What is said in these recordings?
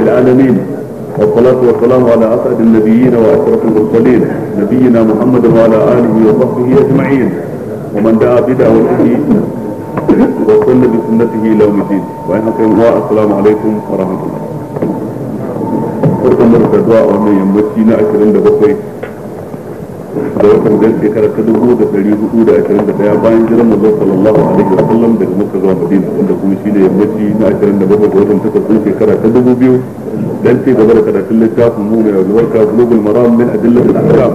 العالمين والصلاة والسلام على أسعد النبيين وأشرف المرسلين نبينا محمد وعلى آله وصحبه أجمعين ومن دعا بدعوته وسن بسنته إلى يوم الدين الله السلام عليكم ورحمة الله. Barkan mu da zuwa a 27 da watan zai shekara ta dubu da ɗari hudu da ashirin da ɗaya bayan jiran manzo sallallahu alaihi wa daga makka zuwa madina wanda kuma shi ne yammaci na ashirin da bakwai watan takwas ɗin shekara ta dubu biyu dan ce gaba da karatun littafin mu mai albarka bulugul maram min adillatul ahkam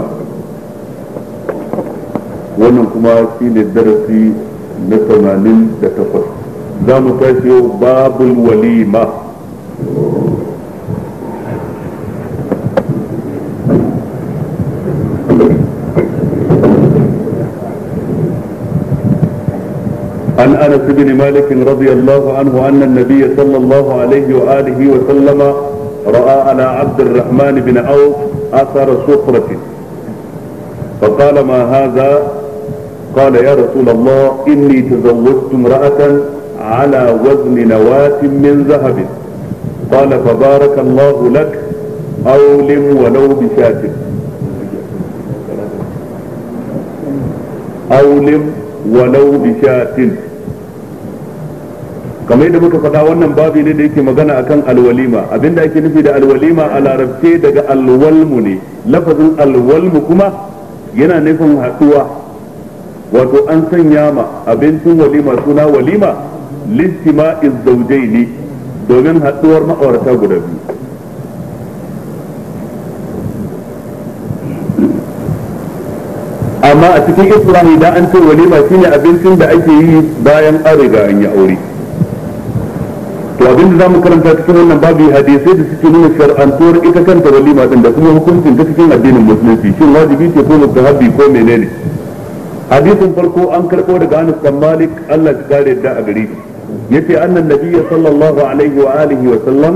wannan kuma shi ne darasi na tamanin da takwas za mu tashi yau babul walima عن انس بن مالك رضي الله عنه ان النبي صلى الله عليه واله وسلم راى على عبد الرحمن بن عوف اثر صخره فقال ما هذا قال يا رسول الله اني تزوجت امراه على وزن نواة من ذهب قال فبارك الله لك أولم ولو بشاة أولم ولو بشاة kamar yadda muka faɗa wannan babi ne da yake magana akan alwalima abinda ake nufi da alwalima a larabce daga alwalmu ne lafazin alwalmu kuma yana nufin haɗuwa wato an sanya ma abincin walima suna walima listima izzaujai ne domin haɗuwar ma'aurata guda biyu amma a cikin isra'i da an ce walima shine abincin da ake yi bayan an riga an yi aure abin da za mu karanta cikin wannan babu hadisai da suke nuna shar'antuwar ita kanta walima din da kuma hukuncin ta cikin addinin musulunci shin wajibi ce ko mustahabi ko menene hadisin farko an karɓo daga Anas bin Malik Allah ya kare da a gari yace annan nabiyyi sallallahu alaihi wa alihi wa sallam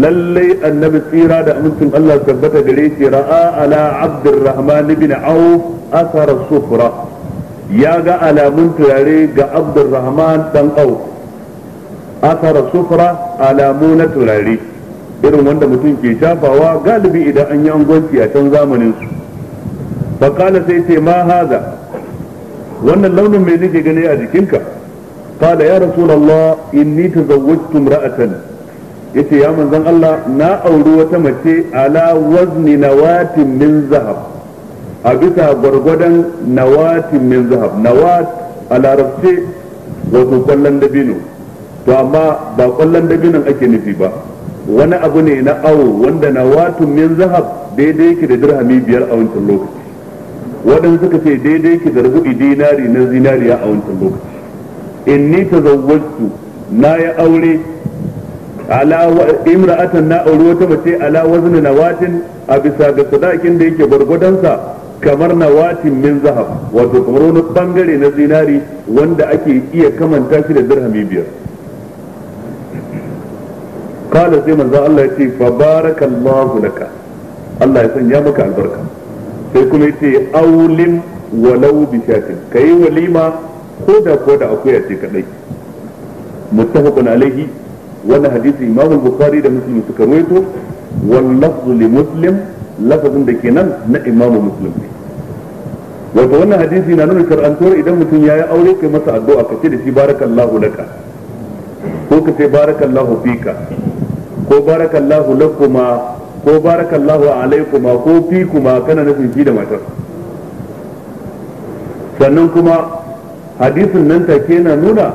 lallai annabi tsira da amincin Allah tabbata gare shi ra'a ala Abdurrahman ibn Auf asara sufra ya ga alamun turare ga Abdurrahman dan Auf athara sufra alamu na turare irin wanda mutum ke shafawa galibi idan an yi angwanci a can zamanin su kala sai ce ma haza wannan launin mai nake gani a jikinka kala ya rasu rasulullah inni tazawwajtu imra'atan yace ya manzan Allah na auri wata mace ala wazni watin min zahab a bisa gwargwadon watin min zahab nawat a larabce wato kwallon dabino to amma ba kwallon dabinin ake nufi ba wani abu ne na awo wanda na watun min zahab daidai yake da dirhami biyar a wancan lokaci waɗanda suka ce daidai yake da rubu'i dinari na zinariya a wancan lokaci in ni ta tazawwajtu na ya aure ala imra'atan na aure wata mace ala wazni nawatin a bisa ga sadakin da yake gwargwadonsa kamar nawatin min zahab wato kamar wani bangare na zinari wanda ake iya kamanta shi da dirhami biyar qala sai manzo Allah ya ce fa barakallahu laka Allah ya sanya maka albarka sai kuma yace aulim walau bi shatin kai walima ko da ko da akuya ce kadai muttafaqun alaihi wannan hadisi Imam al-Bukhari da Muslim suka rawaito wal lafzu li Muslim da kenan na Imam wato wannan hadisi na nuna shar'antuwar idan mutum ya yi aure kai masa addu'a ka ce da shi barakallahu laka ko ka ce barakallahu fika ko barakallahu lakuma ko barakallahu alaikuma ko fi kuma kana nufin fi da matar sannan kuma hadisin nan take na nuna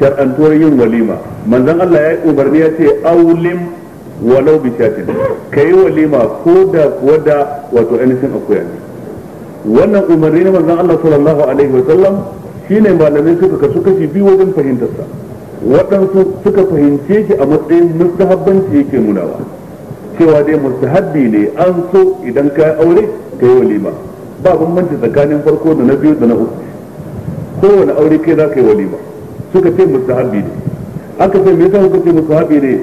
shar'antuwar yin walima manzon Allah ya yi umarni ya ce aulim walau bi shatin kai walima ko da kuwa da wato ainihin akuya ne wannan umarni na manzon Allah sallallahu alaihi wa sallam shine malamin suka kasu kashi biyu wajen fahimtar sa waɗansu suka fahimce shi a matsayin mustahabbanci yake nunawa cewa dai mustahabbi ne an so idan ka aure ka yi walima ba bambanci tsakanin farko da na biyu da na uku kowane aure kai za ka yi walima suka ce mustahabbi ne aka ce me yasa kuka ce mustahabbi ne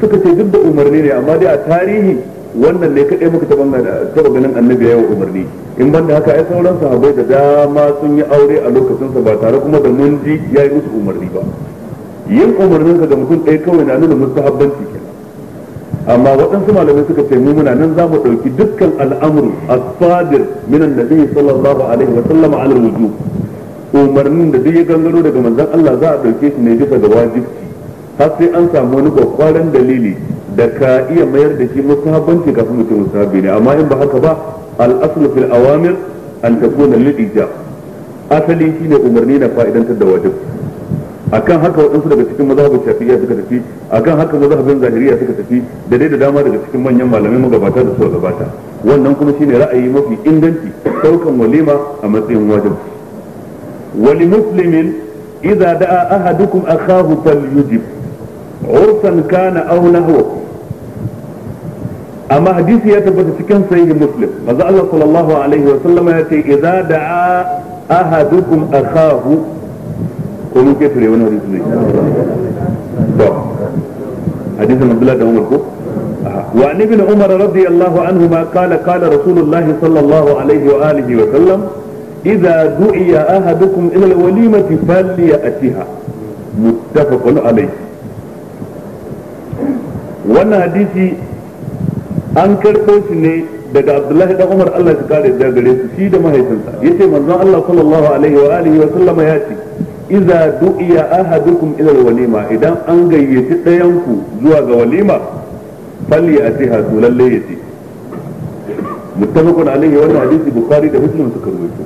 suka ce duk da umarni ne amma dai a tarihi wannan ne kaɗai muka taɓa ganin annabi ya umarni in banda haka ai sauran sahabbai da dama sun yi aure a lokacinsa ba tare kuma da mun ji ya yi musu umarni ba yin umarninsa ga mutum ɗaya kawai na nuna mustahabbanci kenan amma waɗansu malamai suka ce mu muna nan za mu ɗauki dukkan al'amuru as-sadir min annabi sallallahu alaihi wa sallama ala wujub umarnin da duk ya gangaro daga manzon Allah za a ɗauke shi ne bisa ga wajibi har sai an samu wani kwakwaran dalili da ka iya mayar da shi mustahabbanci kafin mutum mustahabbi ne amma in ba haka ba al-aslu fil awamir an takuna lil ijab asali shine umarni na fa'idantar da wajibi akan haka waɗansu daga cikin mazhabin shafi'iyya suka tafi akan haka mazhabin zahiriya suka tafi da dai da dama daga cikin manyan malamai magabata da suka gabata wannan kuma shine ra'ayi mafi inganci daukan walima a matsayin wajib wali muslimin idza da'a ahadukum akahu falyujib urfan kana aw nahwa amma hadisi ya tabbata cikin sahih muslim manzo Allah sallallahu alaihi wa sallama ya ce idza da'a ahadukum akahu ko mun ketare wani hadisi ne to hadisin abdullahi da umar ko وعن ابن عمر رضي الله عنهما قال قال رسول الله صلى الله عليه وآله وسلم إذا دعي أحدكم إلى الوليمة فليأتها متفق عليه wannan hadisi an karɓo shi ne daga abdullahi dan umar Allah ya kare da gare su shi da mahaifinsa yace manzon Allah sallallahu alaihi wa alihi wa sallama ya ce iza du'iya ahadukum ila walima idan an gayyaci ɗayan ku zuwa ga walima falli atiha to lalle ce muttafaqun alayhi wannan hadisi bukhari da muslim suka rubuta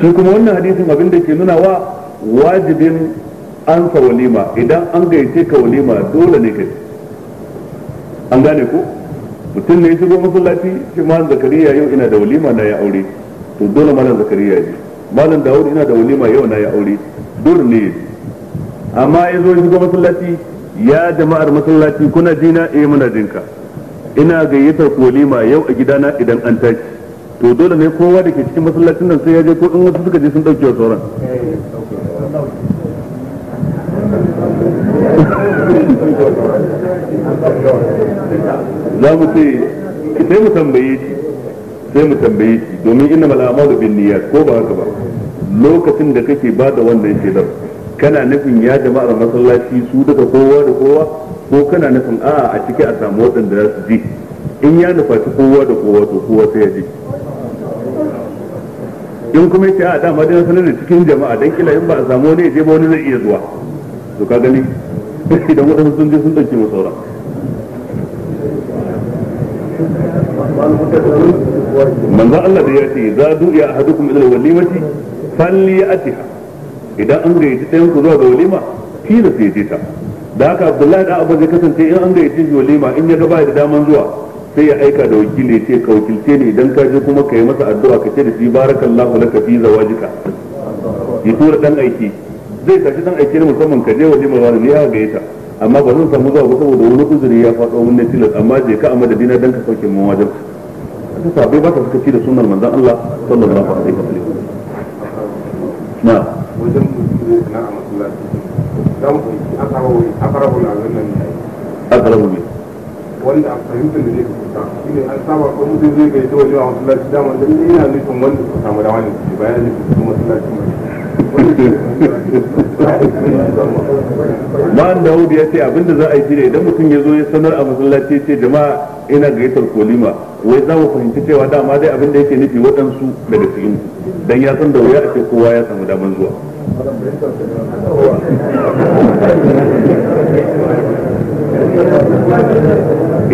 shi kuma wannan hadisin abin da ke nuna wa wajibin an sa walima idan an gayyace ka walima dole ne kai an gane ku mutum ne ya shigo masallaci shi ma zakariya yau ina da walima na ya aure to dole malam zakariya ne malam dawud ina da walima yau na ya aure dur ne amma ya zo shiga masallaci ya jama'ar masallaci kuna jina eh muna jinka ina gayyatar walima yau a gidana idan an tashi to dole ne kowa da ke cikin masallacin nan sai ya je ko in wasu suka je sun dauke sauran za mu ce sai mu tambaye shi sai mu tambaye shi domin inna mal bin niyyat ko ba haka ba lokacin da kake ba da wannan shaidar kana nufin ya jama'ar masallaci su daga kowa da kowa ko kana nufin a a ciki a samu waɗanda za su ji in ya nufaci kowa da kowa to kowa sai ya ji in kuma yake a dama dai sanar da cikin jama'a dan kila in ba a samu wani je ba wani zai iya zuwa to ka gani idan waɗansu sun je sun ɗauke mu sauran manzo Allah da ya ce za du ya ahadukum ila walimati falyatiha idan an gayyaci ɗayan ku zuwa ga walima da su je ta da haka Abdullahi da Abu zai kasance in an gayyaci shi walima in ya ga ba da daman zuwa sai ya aika da wakili ce ka wakilce ne idan ka je kuma ka yi masa addu'a ka ce da shi barakallahu laka fi zawajika ya tura dan aiki zai tashi dan aiki ne musamman ka je walima wani ne ya gayyata amma ba zan samu zuwa ba saboda wani uzuri ya faɗo mun na tilas amma je ka a madadina dan ka sauke mun wajen haka sabai ba ta suka ci da sunan manzon Allah sallallahu alaihi wa sallam na wajen mutum na a masallaci dan ku akarabul azan wannan ne wanda a fahimtar ne zai kuta shi ne an saba ko mutum zai ga gaita wajen a masallaci dama dan yana nufin wanda suka samu dama ne bayan da su masallaci mai ma'an dawud ya ce abinda za a yi shine idan mutum ya zo ya sanar a masallaci ya ce jama'a ina gaitar kolima wai za mu fahimci cewa dama dai abin da yake nufi waɗansu daga cikin dan ya san da wuya a ce kowa ya samu daman zuwa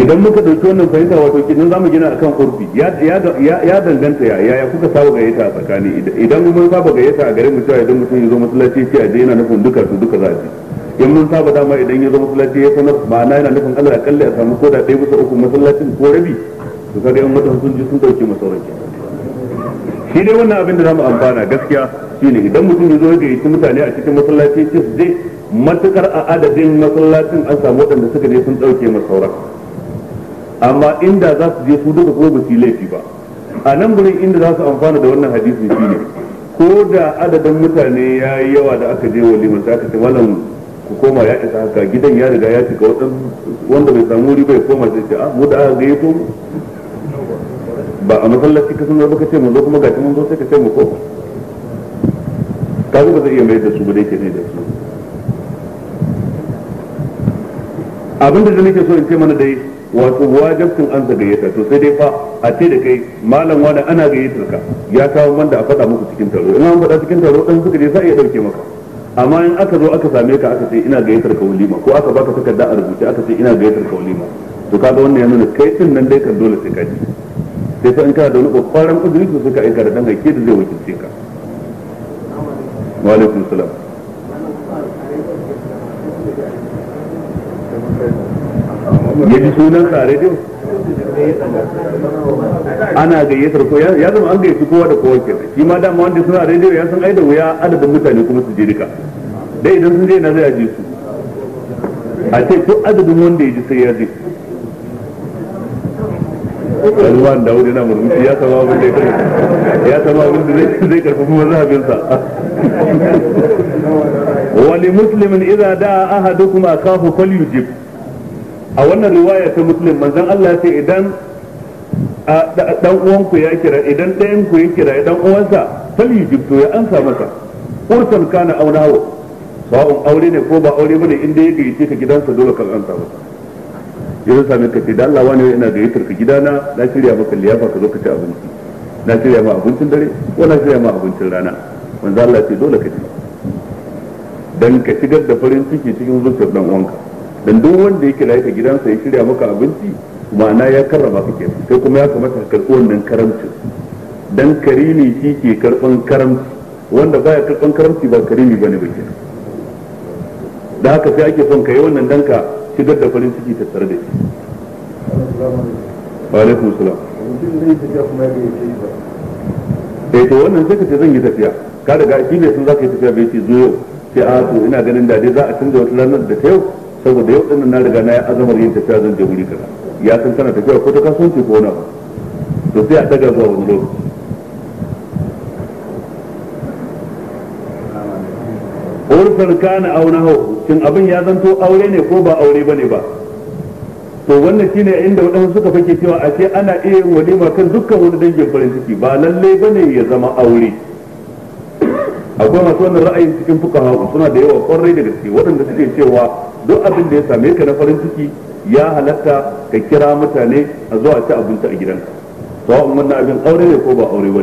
idan muka ɗauki wannan fahimta wato kidan zamu gina akan urfi ya danganta ya yaya kuka saba gayyata a tsakani idan mun saba gayyata a garin mu cewa idan mutum ya zo masallaci ce a je yana nufin duka su duka za a je in mun saba dama idan ya zo masallaci ya sanar ma'ana yana nufin Allah akalla ya samu koda ɗaya bisa uku masallacin ko rabi to kaga yan mutum sun ji sun dauke masauranki shi dai wannan abin da zamu amfana gaskiya shine idan mutum ya zo ya gayyaci mutane a cikin masallaci ce su je matukar a adadin masallacin an samu waɗanda suka je sun dauke masauranki amma inda za su je su duka ko ba su laifi ba a nan gurin inda za su amfana da wannan hadisi ne ko da adadin mutane ya yi yawa da aka je wa liman aka ce wannan ku koma ya isa haka gidan ya riga ya cika wanda bai samu riba ya koma sai ce a ah, mu da aka gayyato mu ba a masallaci ka sanar baka ce mu zo kuma ga mun zo sai ka ce mu ko kaga ba zai iya mai da su ba dai ke ne da su abinda da nake so in ce mana dai wato wajibcin an sa gayyata to sai dai fa a ce da kai malam wani ana gayyatar ka ya kawo wanda a faɗa muku cikin taro in an faɗa cikin taro dan suka je sai ya dauke maka amma in aka zo aka same ka aka ce ina gayyatar ka walima ko aka baka takarda a rubuce aka ce ina gayyatar ka walima to kaga wannan ya nuna kai din nan dai kan dole sai ka ji sai fa in kana da wani kokarin uzuri to sai ka aika da dan haike da zai wakilce ka wa alaikum salam ya ji sunan sa a rediyo ana gayyatar ko ya zama an gaisu kowa da kowa ke shi ma dama wanda suna a rediyo ya san ai da wuya adadin mutane kuma su je duka dai idan sun je na zai aje su a ce duk adadin wanda ya ji sai ya je Salman Dawud yana murmushi ya sama abin da ya sama abin da zai karfafi mazhabinsa da muslimin idza da'a ahadukum akahu falyujib a wannan riwaya ta muslim manzon Allah ce idan dan ku ya kira idan ɗayan ku ya kira dan uwansa fali jibto ya ansa masa urtan kana aunawo sawa'un aure ne ko ba aure bane inda ya gayyace ka gidansa dole ka ansa masa yanzu sami ka ce da Allah wani ina gayyatar ka gidana na shirya maka liyafa ka zo ka ci abinci na shirya ma abincin dare ko na shirya ma abincin rana manzo Allah ce dole ka ci dan ka shigar da farin ciki cikin zuciyar dan uwanka dan duk wanda ya kira ka gidansa ya shirya maka abinci ma'ana ya karrama ka ke sai kuma ya kamata ka karɓi wannan karamci dan karimi shi ke karɓan karamci wanda baya karɓan karamci ba karimi bane ba ke da haka sai ake son ka yi wannan dan ka shigar da farin ciki ta tsare da shi wa alaikum salam eh to wannan sai ka ce zan yi tafiya ka daga shi ne sun za ka yi tafiya bai ce zo sai a ah, to ina ganin da dai za a canza wata ranar da ta yau saboda yau dinnan na riga na azamar yin tafiya zan je wuri kaza ya san kana tafiya ko ta kasuwanci ko wani abu to sai a daga zuwa wani lokaci urfar kana auna hau shin abin ya zanto aure ne ko ba aure bane ba to wannan shine inda wadansu suka fake cewa ashe ana iya yin walima kan dukkan wani dangin farin ciki ba lalle bane ya zama aure akwai masu wannan ra'ayin cikin fukaha suna da yawa kwarai da gaske waɗanda suke cewa duk abin da ya same ka na farin ciki ya halatta ka kira mutane a zuwa ci abinci a gidanka amma wannan abin aure ne ko ba aure ba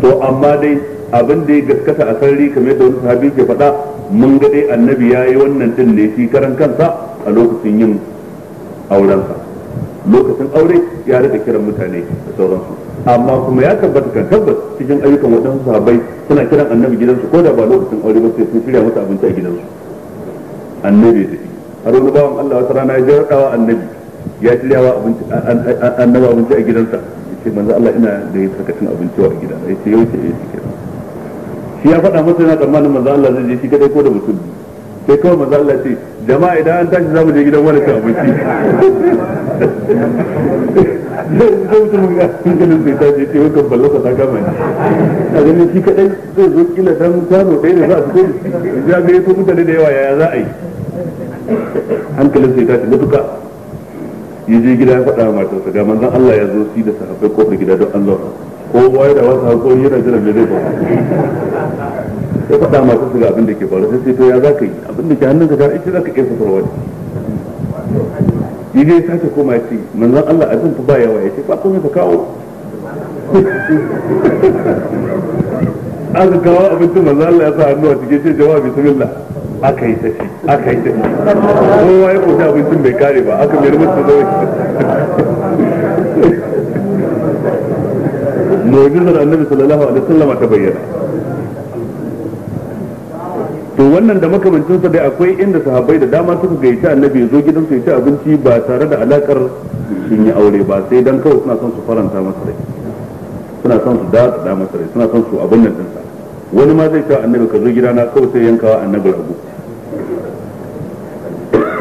to amma dai abin da ya gaskata a sarari kamar yadda wani sahabi ke faɗa mun ga dai annabi ya yi wannan din ne shi karan kansa a lokacin yin aurensa lokacin aure ya rika kiran mutane da sauransu amma kuma ya tabbata kan tabbas cikin ayyukan waɗansu sahabbai suna kiran annabi gidansu ko da ba lokacin aure ba sai sun shirya masa abinci a gidansu annabi da har wani bawan Allah wata rana ya jarrawa annabi ya shirya wa abinci annabi abinci a gidansa yace manzo Allah ina da sakacin abinci wa gida yace yau ce ya kenan shi ya faɗa masa yana tsammanin manzo Allah zai je shi kadai ko da mutum sai kawai manzo Allah ce jama'a idan an tashi zamu je gidan wani cin abinci zai wuce ne kadai zai zo kila dan kwano ɗaya da za a fito ya ga yato mutane da yawa yaya za a yi hankalin zai tashi matuka ya je gida ya faɗa matarsa ga manzon Allah ya zo shi da sahabbai kofar gida don Allah waye da wasu yana jira zai faru ya faɗa matarsa ga abin da ke faru sai sai ya za ka yi abin da ke hannunka ita za ka yi dai sake koma ce manzon Allah abin fa ba yawa ya ce ba komai ka kawo aka kawo abincin manzon Allah ya sa hannu a cikin ce jawabi bismillah aka yi tafi aka yi tafi kowa ya koshi abincin bai kare ba aka mai rubuta zaune mu'jizar annabi sallallahu alaihi wasallam ta bayyana to wannan da makamancinsa dai akwai inda sahabbai da dama suka gayyaci annabi ya zo gidan ya ci abinci ba tare da alakar sun yi aure ba sai dan kawai suna son su faranta masa rai suna son su da da masa rai suna son su abin nan dinsa wani ma zai ce annabi ka zo gida na kawai sai yankawa annabi rago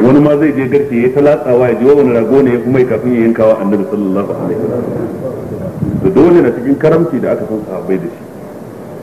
wani ma zai je garke ya ta latsawa ya ji wani rago ne ya kuma kafin ya yankawa annabi sallallahu alaihi wasallam da dole na cikin karamci da aka san sahabbai da shi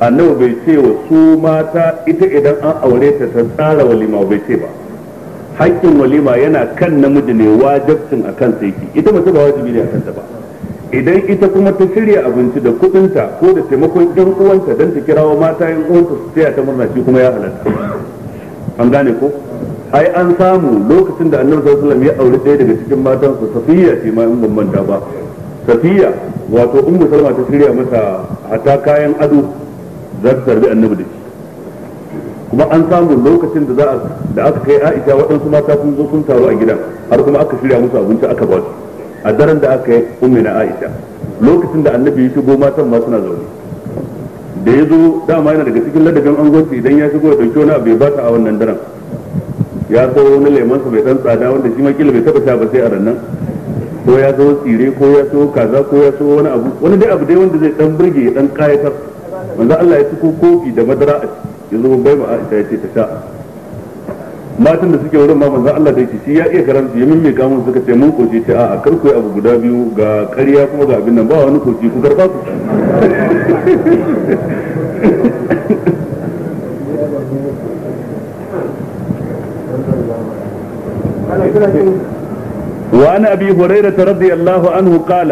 annabi bai ce wa su mata ita idan an aure ta ta tsara walima bai ce ba haƙƙin walima yana kan namiji ne wajabcin a kan sai ita mace ba wajibi ne a kanta ba idan ita kuma ta shirya abinci da kuɗinta ko da taimakon ɗan uwanta don ta wa mata yan uwanta su taya ta murna shi kuma ya halatta an gane ko ai an samu lokacin da annabi sallallahu alaihi wasallam ya aure ɗaya daga cikin matansa safiya ce ma in ban manta ba safiya wato ummu salma ta shirya masa hata kayan ado za su tarbi annabi da shi kuma an samu lokacin da za a da aka kai Aisha waɗansu mata sun zo sun taru a gidan har kuma aka shirya musu abinci aka ba su a daren da aka yi ummi na Aisha lokacin da annabi ya shigo matan ma suna zaune da ya zo dama yana daga cikin ladabin angonci idan ya shigo da ɗauki wani abu ya ba a wannan daren ya zo wani lemansa bai dan tsada wanda shi ma kila bai taba sha ba sai a rannan ko ya zo tsire ko ya zo kaza ko ya zo wani abu wani dai abu dai wanda zai ɗan burge ya ɗan ƙayatar. manzo Allah ya tuko kofi da madara a ciki yanzu zo bai ma Aisha ya ce ta sha matan da suke wurin ma manzo Allah da yake shi ya iya garanti ya mimme ka mun suka ce mun koce ta a kar ku yi abu guda biyu ga ƙarya kuma ga abin nan ba wani koci ku garba ku وعن ابي هريره رضي الله عنه قال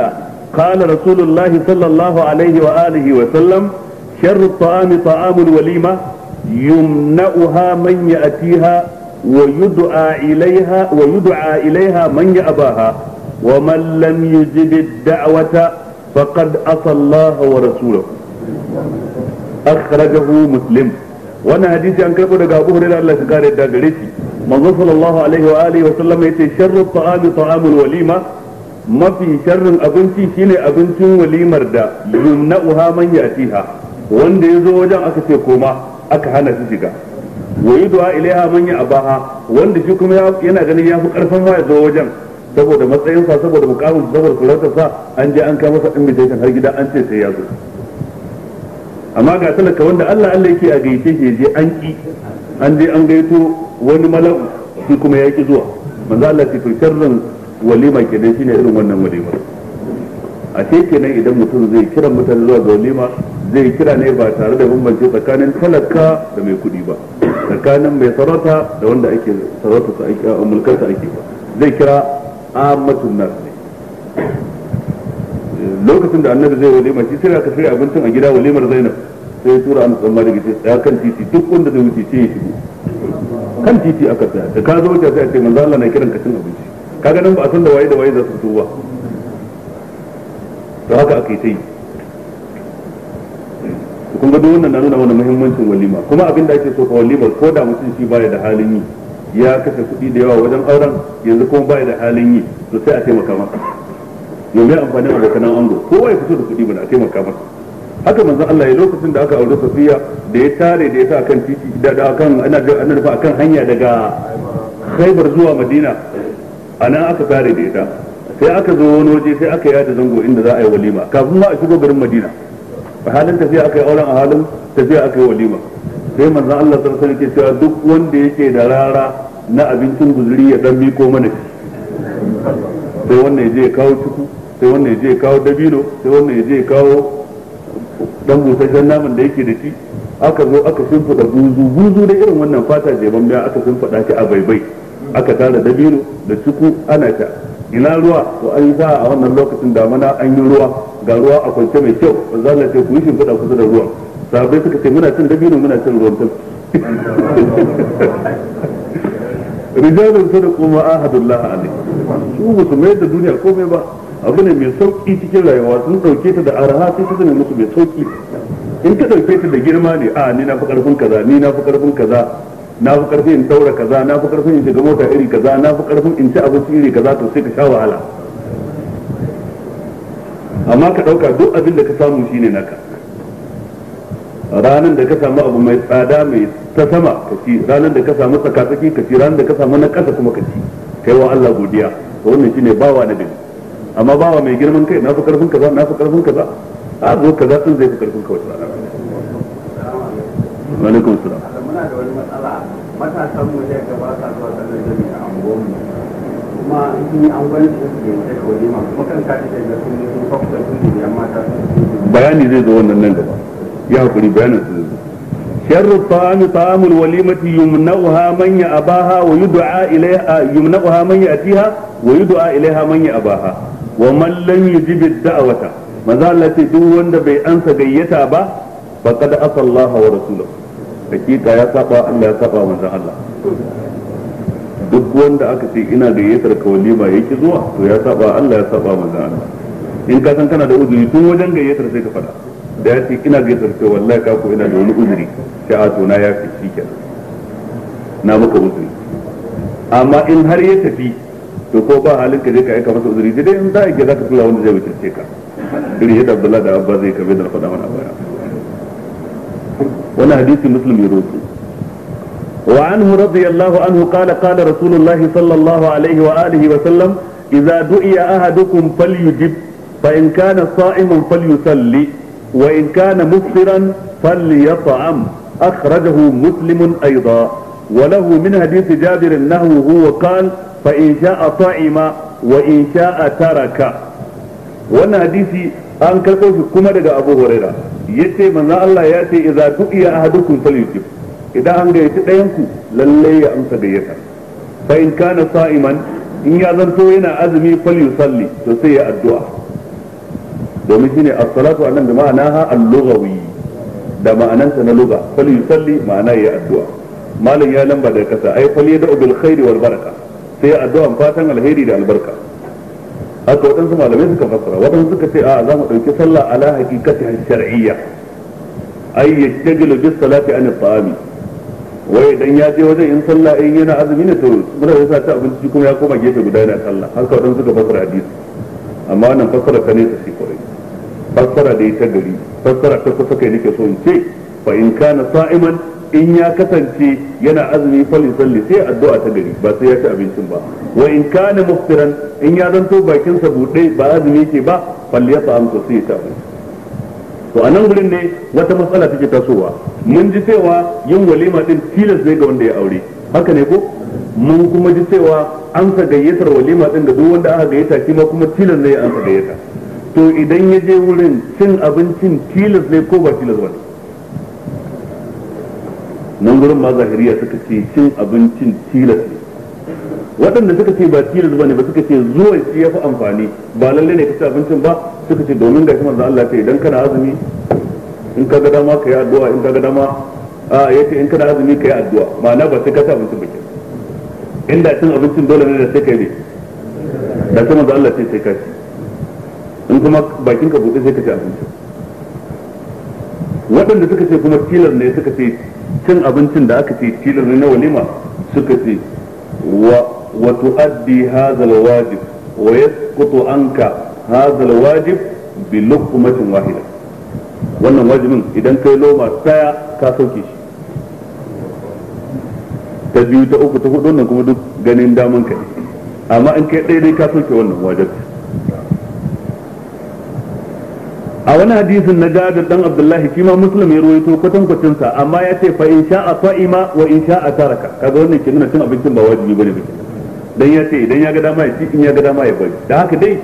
قال رسول الله صلى الله عليه واله وسلم شر الطعام طعام الوليمة يمنعها من يأتيها ويدعى إليها ويدعى إليها من يأباها ومن لم يجب الدعوة فقد عصى الله ورسوله أخرجه مسلم وانا حديثي عن كربو دقا أبو هريرة الله سكار الدقريسي منظر صلى الله عليه وآله وسلم يتي شر الطعام طعام الوليمة ما في شر أبنتي شيني أبنتي وليمر دا يمنعها من يأتيها wanda ya zo wajen aka ce koma aka hana shi shiga wa yud'a ilaiha man abaha wanda shi kuma yana ganin ya fi karfin ya zo wajen saboda matsayin sa saboda mukamin saboda sarautar sa an je an kai masa invitation har gida an ce sai ya zo amma ga talaka wanda Allah Allah yake a gaice shi je an ki an je an gaito wani mala'u shi kuma ya ki zuwa manzo Allah ce to sharrin walima kenan shine irin wannan walima a ce kenan idan mutum zai kira mutane zuwa ga walima zai kira ne ba tare da bambance tsakanin talaka da mai kuɗi ba tsakanin mai sarauta da wanda ake sarauta su ake su ake ba zai kira ammatun nas ne lokacin da annabi zai walima shi sai aka shirya abincin a gida walimar zainab sai ya tura amsa amma daga tsaya kan titi duk wanda zai wuce sai ya shigo kan titi aka tsaya da ka zo wuce sai a ce manzo Allah na kiran ka cin abinci kaga nan ba a san da waye da waye za su fito ba to haka aka yi ta yi kun ga wannan na nuna mana muhimmancin walima kuma abin da ake so ka walimar ko da mutum shi baya da halin yi ya kashe kuɗi da yawa wajen auren yanzu kuma baya da halin yi to sai a taimaka masa amfani amfanin bakanan ango ko ya fito da kuɗi bana a taimaka masa haka manzon Allah ya lokacin da aka aure Safiya da ya tare da ya sa akan titi da da kan ana ana akan hanya daga Khaibar zuwa Madina anan aka tare da ita sai aka zo wani waje sai aka yada zango inda za a yi walima kafin ma a shigo garin Madina a halin tafiya aka yi auren a halin tafiya aka yi walima sai manzon Allah sallallahu yake cewa duk wanda yake da rara na abincin guzuri ya dan miko mana sai wannan ya je ya kawo cuku sai wannan ya je ya kawo dabino sai wannan ya je ya kawo dan busasshen naman da yake da shi aka zo aka shimfiɗa buzu buzu da irin wannan fata jeban biya aka shimfiɗa shi a baibai aka tara dabino da cuku ana ta ina ruwa to an sa a wannan lokacin damana an yi ruwa ga ruwa a kwance mai kyau ba za ce ku yi shimfiɗa kusa da ruwan sabai suka ce muna cin dabino muna cin ruwan tun rijalun sadaqu ma ahadullah alai su musulmai da duniya komai ba abu ne mai sauki cikin rayuwa sun dauke ta da araha sai su zama musu mai sauki in ka dauke ta da girma ne a ni na fi karfin kaza ni na fi karfin kaza na fi karfin in daura kaza na fi karfin in shiga mota iri kaza na fi karfin in ci abinci iri kaza to sai ka sha wahala amma ka dauka duk abin da ka samu shine naka ranan da ka samu abu mai tsada mai ta sama ka ci ranan da ka samu tsakatsaki ka ci ranan da ka samu na kasa kuma ka ci kai wa Allah godiya to wannan shine bawa na gari amma bawa mai girman kai na fi karfin kaza na fi karfin kaza a zo kaza sun zai fi karfin ka wata rana alaikum salam muna da wani matsala matasan mu da ga ba sa zuwa da jami'a a unguwarmu kuma in yi an gwani su ke da kawai ma kuma kan ka da da sun sun fafuta sun da yamma ta bayani zai zo wannan nan gaba ya hakuri bayanin su شر الطعام طعام الوليمة يمنعها من يأباها ويدعى إليها يمنعها من يأتيها ويدعى إليها من يأباها ومن لم يجب الدعوة ما زال التي دون بي أنس جيتها با فقد أصى الله ورسوله hakika ya saba Allah ya saba manzon Allah duk wanda aka ce ina yasar ka walima yake zuwa to ya saba Allah ya saba manzon Allah in ka san kana da uzuri tun wajen yasar sai ka faɗa da ya ce ina yasar ka wallahi ka ko ina da wani uzuri sai a tona ya fi shikenan na maka uzuri amma in har ya tafi to ko ba halin ka je ka aika masa uzuri dai in za a ke za ka tura wanda zai wuce ka irin yadda Abdullahi da Abba zai kabe da faɗa mana baya وانا حديث مسلم يروي وعنه رضي الله عنه قال قال رسول الله صلى الله عليه واله وسلم اذا دعي احدكم فليجب فان كان صائما فليصلي وان كان مفطرا فليطعم اخرجه مسلم ايضا وله من حديث جابر انه هو قال فان شاء طعم وان شاء ترك وانا حديث ان كتبه كما ابو هريره yace manzo Allah ya ce idza du'iya ahadukum falyujib idan an gayyaci ɗayan ku lalle ya amsa gayyata fa in kana sa'iman in ya zanto yana azumi falyusalli to sai ya addu'a domin shine as-salatu anan da ma'anaha al-lughawi da ma'anansa na lugha falyusalli ma'ana ya addu'a malam ya lamba daga kasa ai falyad'u bil khairi wal baraka sai addu'a fatan alheri da albarka haka waɗansu malamai suka fassara waɗansu suka ce a za mu ɗauki sallah ala hakikati shar'iyya ai ya shagilu bis salati an ta'ami wai idan ya je wajen in sallah in yana azumi ne to muna yasa ta abinci kuma ya koma gefe guda yana sallah haka waɗansu suka fassara hadisi amma wannan fassara ta nesa shi kwarai fassara da ita gari fassara ta kusa kai nake so in ce fa in kana sa'iman in ya kasance yana azumi falin salli sai addu'a ta gari ba sai ya ci abincin ba wa in kana muftiran in ya zanto bakin sa bude ba azumi yake ba falli ya ta'am to sai ta to anan gurin ne wata matsala take tasowa mun ji cewa yin walima din tilas ne ga wanda ya aure haka ne ko mun kuma ji cewa an sa gayyatar walima din da duk wanda aka gayyata shi ma kuma tilas ne an sa gayyata to idan ya je wurin cin abincin tilas ne ko ba tilas ba ne nan gurin ma zahiriya suka ce cin abincin tilas ne waɗanda suka ce ba tilas ba ne ba suka ce zuwa shi ya fi amfani ba lalle ne ka ci abincin ba suka ce domin gashi manzo Allah ce idan kana azumi in ka ga dama ka yi addu'a in ka ga dama a ce in kana azumi ka yi addu'a ma'ana ba sai ka ci abincin ba ke inda cin abincin dole ne da sai ka yi da kuma da Allah ce sai ka ci in kuma bakin ka bude sai ka ci abincin waɗanda suka ce kuma tilas ne suka ce cin abincin da aka ce tilar na walima suka ce wa tu'addi hazal wajib wa yasqutu anka hazal wajib bi luqmatin wahida wannan wajibin idan kai loma daya ka sauke shi ta biyu ta uku ta hudu wannan kuma duk ganin daman kai amma in kai ɗaya dai ka sauke wannan wajibin a wani hadisin na jabir dan abdullahi shi ma muslim ya ruwaito kwatan kwatan sa amma ya ce fa in sha a fa'ima wa in sha a taraka kaga wannan ke nuna cin abincin ba wajibi bane ba dan ya ce idan ya ga dama ya ci in ya ga dama ya bari da haka dai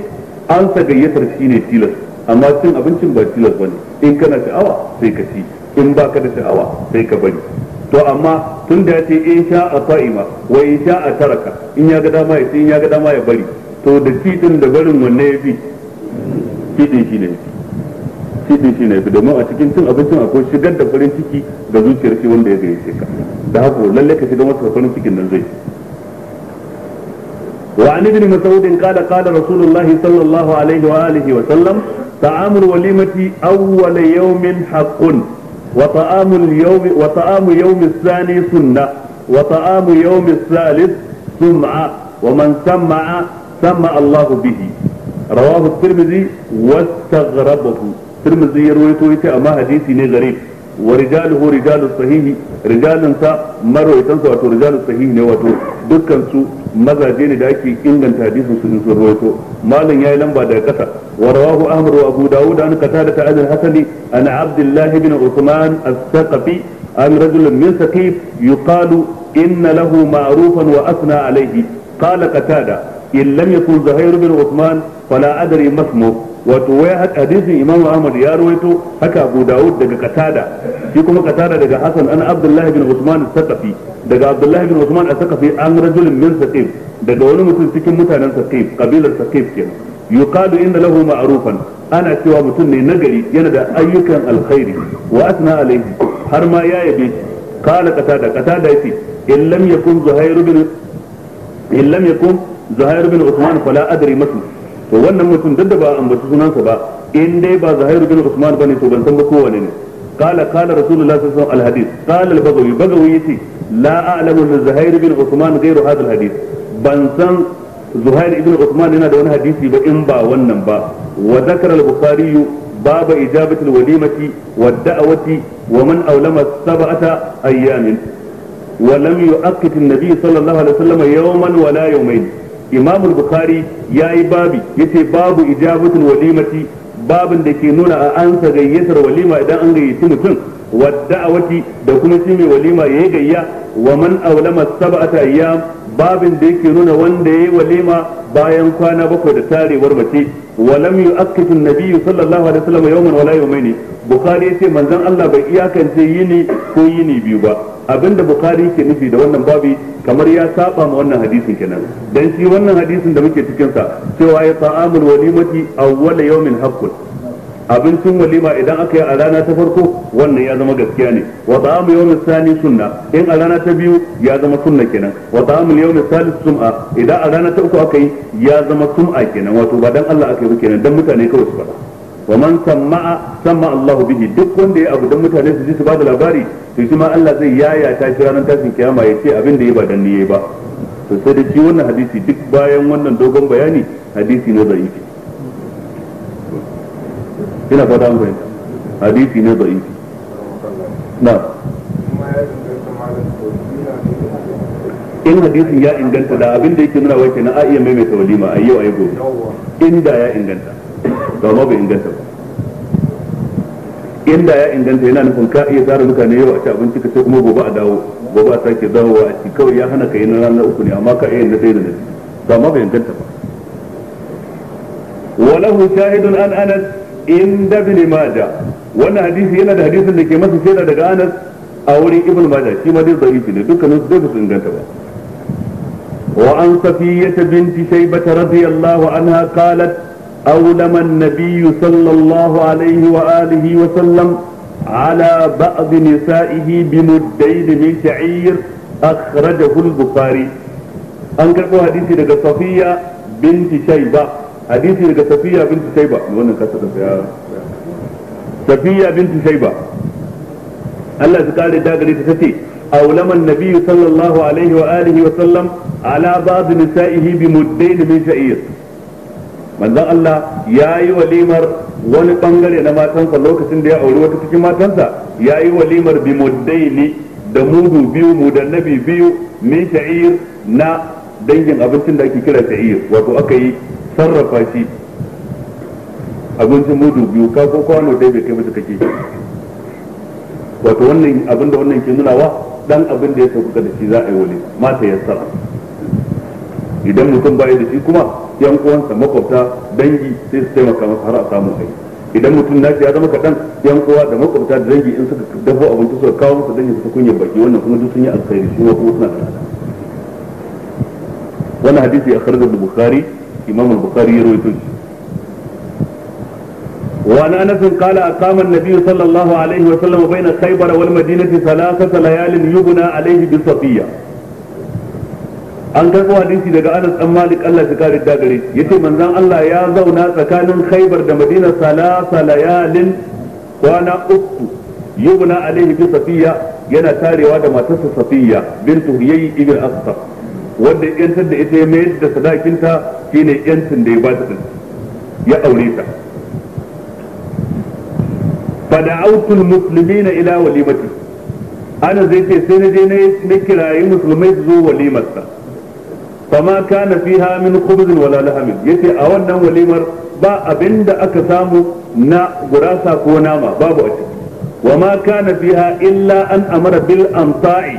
an sa gayyatar ne tilas amma cin abincin ba tilas bane in kana sha'awa sai ka ci in ba ka da sha'awa sai ka bari to amma tun da ya ce in a fa'ima wa in a taraka in ya ga dama ya ci in ya ga dama ya bari to da ci din da barin wanne ya bi ci din ne ya shi ne domin a cikin cin abincin akwai shigar da farin ciki ga zuciyar shi wanda ya ka da haka lalle ka shiga masa farin cikin nan zai وعن ابن مسعود قال قال رسول الله صلى الله عليه وآله وسلم طعام الوليمة أول يوم حق وطعام اليوم وطعام يوم الثاني سنة وطعام يوم الثالث سمعة ومن سمع سمع الله به رواه الترمذي واستغربه ترمذي يروي تويت أما حديث نجري ورجاله رجال الصحيح رجال انسا مرو يتنسو أتو رجال الصحيح نواتو دكان سو مزا جين دايكي إنغن تحديث سنسو رويتو تو لن يأي لنبا دا كتا ورواه أمر أبو داود عن قتالة عن الحسن عن عبد الله بن عثمان الثقفي عن رجل من ثقيف يقال إن له معروفا وأثنى عليه قال قتادة إن لم يكن زهير بن عثمان فلا أدري ما اسمه wato wai hadisin imam ahmad ya rawaito haka abu dawud daga qatada shi kuma qatada daga hasan an abdullahi bin usman al-saqafi daga abdullahi bin usman al-saqafi an rajulin min saqif daga wani mutum cikin mutanen saqif kabilar saqif kenan yuqalu inna lahu ma'rufan ana cewa mutum ne nagari yana da ayyukan alkhairi wa asna alayhi har ma ya yabe kala qatada qatada yace in lam yakun zuhair bin in lam yakun zuhair bin usman fala adri masu to wannan mutum duk da ba ambaci sunansa ba in dai ba Zuhair bin Usman bane to ban san ba kowane ne قال قال رسول الله صلى الله عليه وسلم الحديث قال البغوي بغوي لا أعلم أن زهير بن عثمان غير هذا الحديث بنسان زهير بن عثمان هنا دون حديثي بإن با ونن با وذكر البخاري باب إجابة الوليمة والدعوة ومن أولم سبعة أيام ولم يؤكد النبي صلى الله عليه وسلم يوما ولا يومين imam al ya yi babi ya ce babu ijabatul walimati babin da ke nuna a ansa gayyatar walima idan an gayyaci mutum wa da'awati da kuma shi mai walima yayi gayya wa man awlama sab'ata ayyam babin da yake nuna wanda ya yi walima bayan kwana bakwai da tarewar mace walam yu'akkitu an-nabiy sallallahu alaihi wasallam yawman wala yawmayn bukhari yace manzon Allah bai iyakance yini ko yini biyu ba abinda bukhari ke nufi da wannan babi kamar ya saba ma wannan hadisin kenan dan shi wannan hadisin da muke cikin sa cewa ya ta'amul walimati awwala yawmin haqqun abincin walima idan aka yi a rana ta farko wannan ya zama gaskiya ne wa ta'amu yawmin sani sunna in a rana ta biyu ya zama sunna kenan wa ta'amu yawmin salis sum'a idan a rana ta uku aka yi ya zama sum'a kenan wato ba dan Allah aka yi kenan dan mutane kawai su faɗa wa man sama'a sama Allah bihi duk wanda ya abu dan mutane su ji su bada labari to shi ma Allah zai yaya ta shi ranar tashin kiyama ya ce abin da ya ba dan ne ba to sai da shi wannan hadisi duk bayan wannan dogon bayani hadisi na zaifi ina fata an fahimta hadisi ne da ifi na in hadisin ya inganta da abin da yake nuna wai kenan a iya maimaita walima a yau a yi gobe inda ya inganta ga ma bai inganta ba inda ya inganta yana nufin ka iya tsara mutane yau a ci abinci ka sai kuma gobe a dawo gobe a sake dawowa a ci kawai ya hana ka yi na ranar uku ne amma ka iya na sai da na ga ma bai inganta ba وله شاهد عن انس inda ibn majah wannan hadisi yana da hadisin da ke masa shaida daga anas a wurin ibn majah shi ma dai da'ifi ne dukkanin su dai ba su inganta ba wa an safiyata binti shaybata radiyallahu anha qalat أولم النبي صلى الله عليه وآله وسلم على بعض نسائه بمدين من شعير أخرجه البخاري أنكر حديث لك صفية بنت شيبة hadisi daga safiya binti shaiba wannan kasa da ya safiya binti shaiba Allah ya kare da gare ta sace aulaman nabi sallallahu alaihi wa alihi wa sallam ala ba'd nisa'ihi bi muddain min sha'ir manzon Allah yayi walimar wani bangare na matansa lokacin da ya auri wata cikin matansa yayi walimar bi muddaini da mudu biyu mudannabi biyu min sha'ir na dangin abincin da ake kira sha'ir wato aka yi sarrafa shi abincin mudu biyu ka ko kwano dai bai kai masa kake wato wannan abin da wannan ke nuna wa dan abin da ya sauka da shi za a yi wani mata ya yassara idan mutum ba da shi kuma yan uwansa makwabta dangi sai su taimaka masa har a samu kai idan mutum na ya zama kaɗan yan uwa da makwabta da dangi in suka dafo abinci suka kawo masa dangi su kunya baki wannan kuma duk sun yi alkhairi shi kuma suna da wannan hadisi a kharjar da bukhari imam al-bukhari ya rawaito shi wa sallallahu alaihi wa sallam baina khaybar wal madinati thalathata layalin an karɓo hadisi daga anas dan malik Allah ya kare da yace manzon Allah ya zauna tsakanin khaybar da madina salasa layalin kwana uku yubna alaihi bi safiya yana tarewa da matarsa safiya bintu yayi ibn asfar wanda ya yantar da ita ya mayar da sadakinta shine yancin da ya ba ta ya aure ta fada'autul muslimina ila walimati ana zai ce sai na je na kirayi musulmai su zo walimarsa fama kana fiha min khubzin wala lahamin yace a wannan walimar ba abinda aka samu na gurasa ko nama babu a ciki wama kana fiha illa an amara bil amta'i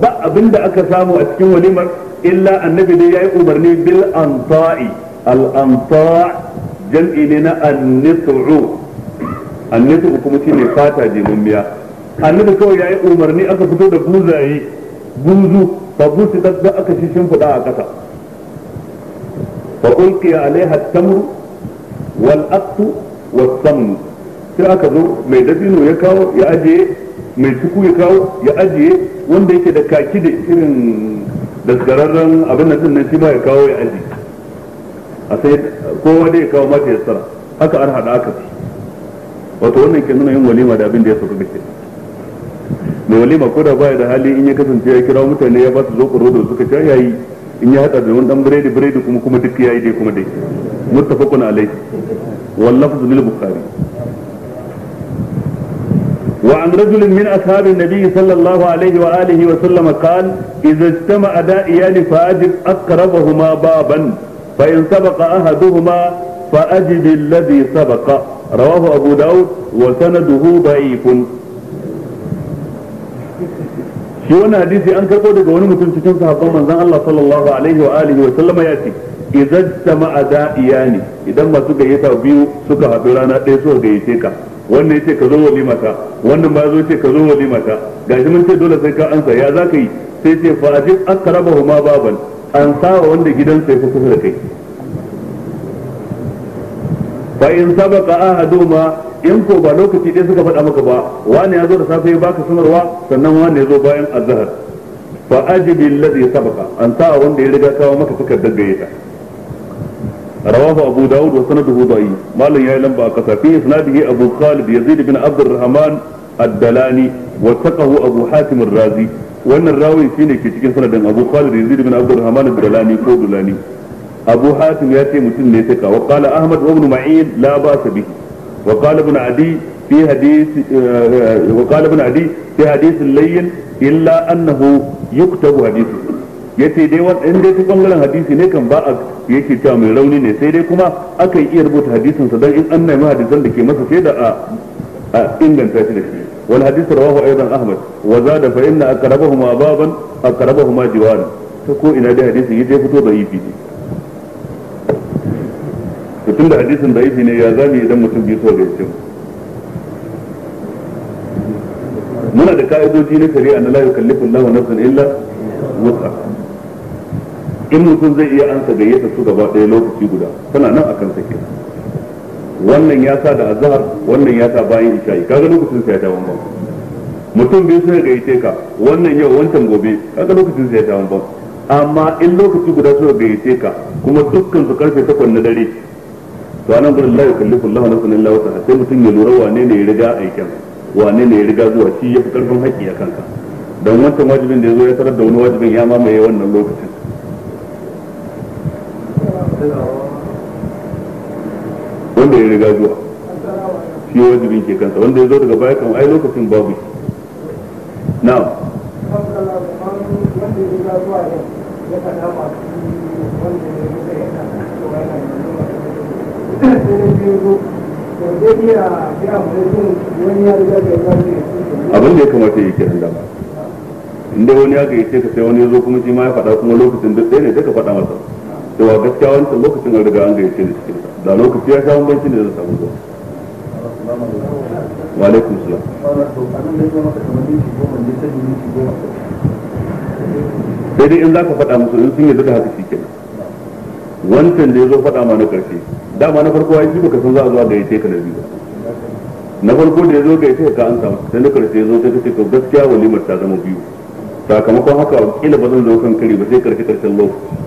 ba abinda aka samu a cikin walimar illa annabi dai yayi umarni bil anta'i al anta' jam'i ne na an-nis'u kuma nisu kuma shine fata jimummiya annabi kawai yayi umarni aka fito da buzaye buzu fa buzu da aka shishin fuda a kasa fa ulqiya alaiha tamru wal aqtu was-samn sai aka zo mai dabino ya kawo ya ajiye mai tuku ya kawo ya ajiye wanda yake da kaki da irin daskararren abin nan nan shi ba ya kawo ya aji a sai kowa dai ya kawo mata ya tsara haka an hada aka fi wato wannan ke nuna yin walima da abin da ya sauka gaske mai walima ko da baya da hali in ya kasance ya kira mutane ya ba su zo rodo suka sha yayi in ya hada da wani dan biredi biredi kuma kuma duk yayi dai kuma dai muttafaqun alaihi wallafzu lil bukhari وعن رجل من اصحاب النبي صلى الله عليه واله وسلم قال اذا اجتمع دائيان فاجب اقربهما بابا فان سبق احدهما فاجب الذي سبق رواه ابو داود وسنده ضعيف في وانا حديثي أنك كربو دغه وني متون cikin sahabban manzon الله صلى الله عليه واله وسلم ياتي اذا اجتمع دائيان اذا ما suka yi ta biyu suka haɗu rana wannan yace ka zo walima ta wannan ba zo ce ka zo walima ta gashi mun ce dole sai ka ansa ya za ka yi sai ce fa aji akrabahu ma baban an sawa wanda gidansa ya fi kusa da kai fa in sabaka ahaduma in ko ba lokaci ɗaya suka faɗa maka ba wani ya zo da safe ya baka sanarwa sannan wani ya zo bayan azhar fa ajibi alladhi sabaka an sawa wanda ya riga kawo maka suka daggaye ta رواه أبو داود وسنده ضعيف ما لن يعلم بأقصى في إسناده أبو خالد يزيد بن عبد الرحمن الدلاني وثقه أبو حاتم الرازي وأن الراوي شيني في سند أبو خالد يزيد بن عبد الرحمن الدلاني قول Dulani أبو حاتم ياتي mutum ثقة وقال أحمد وابن معين لا بأس به وقال ابن عدي في حديث آه، وقال ابن عدي في حديث الليل إلا أنه يكتب حديثه ya yace dai wannan dai ta bangaren hadisi ne kan ba a yake cewa mai rauni ne sai dai kuma akan iya rubuta hadisinsa don in an nemi hadisan da ke masa sai da a inganta shi da shi wal hadith rawahu aidan ahmad wa zada fa inna aqrabahuma baban aqrabahuma jiwan ta ko ina dai hadisin yaje fito da yifi ne tunda hadisin da yifi ne ya zame idan mutum bi so da shi muna da ka'idoji na shari'a na la yukallifu Allahu nafsan illa wus'aha in mutum zai iya ansa gayyata su gaba ɗaya lokaci guda tana nan akan sake wannan ya sa da azhar wannan ya sa bayan isha'i kaga lokacin sa ya ta bambam mutum bai suka gayyace ka wannan yau wancan gobe kaga lokacin sa ya ta bambam amma in lokaci guda suka gayyace ka kuma dukkan su karfe takwas na dare to anan gurin la yukallifu Allahu nafsan illa wusaha sai mutum ya lura wane ne ya riga aikin wane ne ya riga zuwa shi ya fi karfin haƙƙi a kanka dan wancan wajibin da ya zo ya tarar da wani wajibin ya mamaye wannan lokacin wanda ya riga zuwa shi wajibin ke kansa wanda ya zo daga baya kan ai lokacin babu na abin da ya kamata ya kiran dama inda wani ya ce ka sai wani ya zo kuma shi ma ya faɗa kuma lokacin duk ɗaya ne duka faɗa masa cewa gaskiya wancan lokacin an riga an gayyace da cikin da lokaci ya samu banki da zai samu zuwa wa alaikum salam sai dai in za ka faɗa musu in sun yi da haka shi kenan wancan da ya zo faɗa ma na ƙarshe dama na farko ai ka san za a zo a gayyace ka na biyu na farko da ya zo gaishe ka an samu sai na ƙarshe ya zo sai ka ce gaskiya walimar ta zama biyu sakamakon haka kila ba zan zo kan kari ba sai ƙarshe ƙarshen lokaci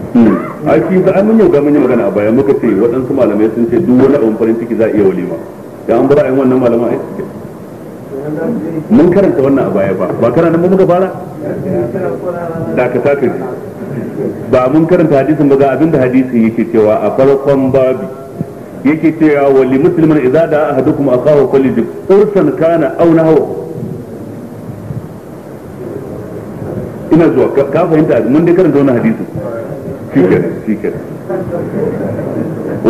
Hmm. a shi ba an yau gamin magana a baya muka ce waɗansu malamai sun ce duk wani abin farin ciki za a iya walima da an bura a yin wannan malaman yi mun karanta wannan a baya ba ba kana nan ba muka fara dakata ka ba mun karanta hadisin ba ga abinda hadisin yake cewa a farkon babi yake cewa wali musulman idza da ahadukum akahu falyujib ursan kana aw nahwa ina zuwa ka fahimta mun dai karanta wannan hadisin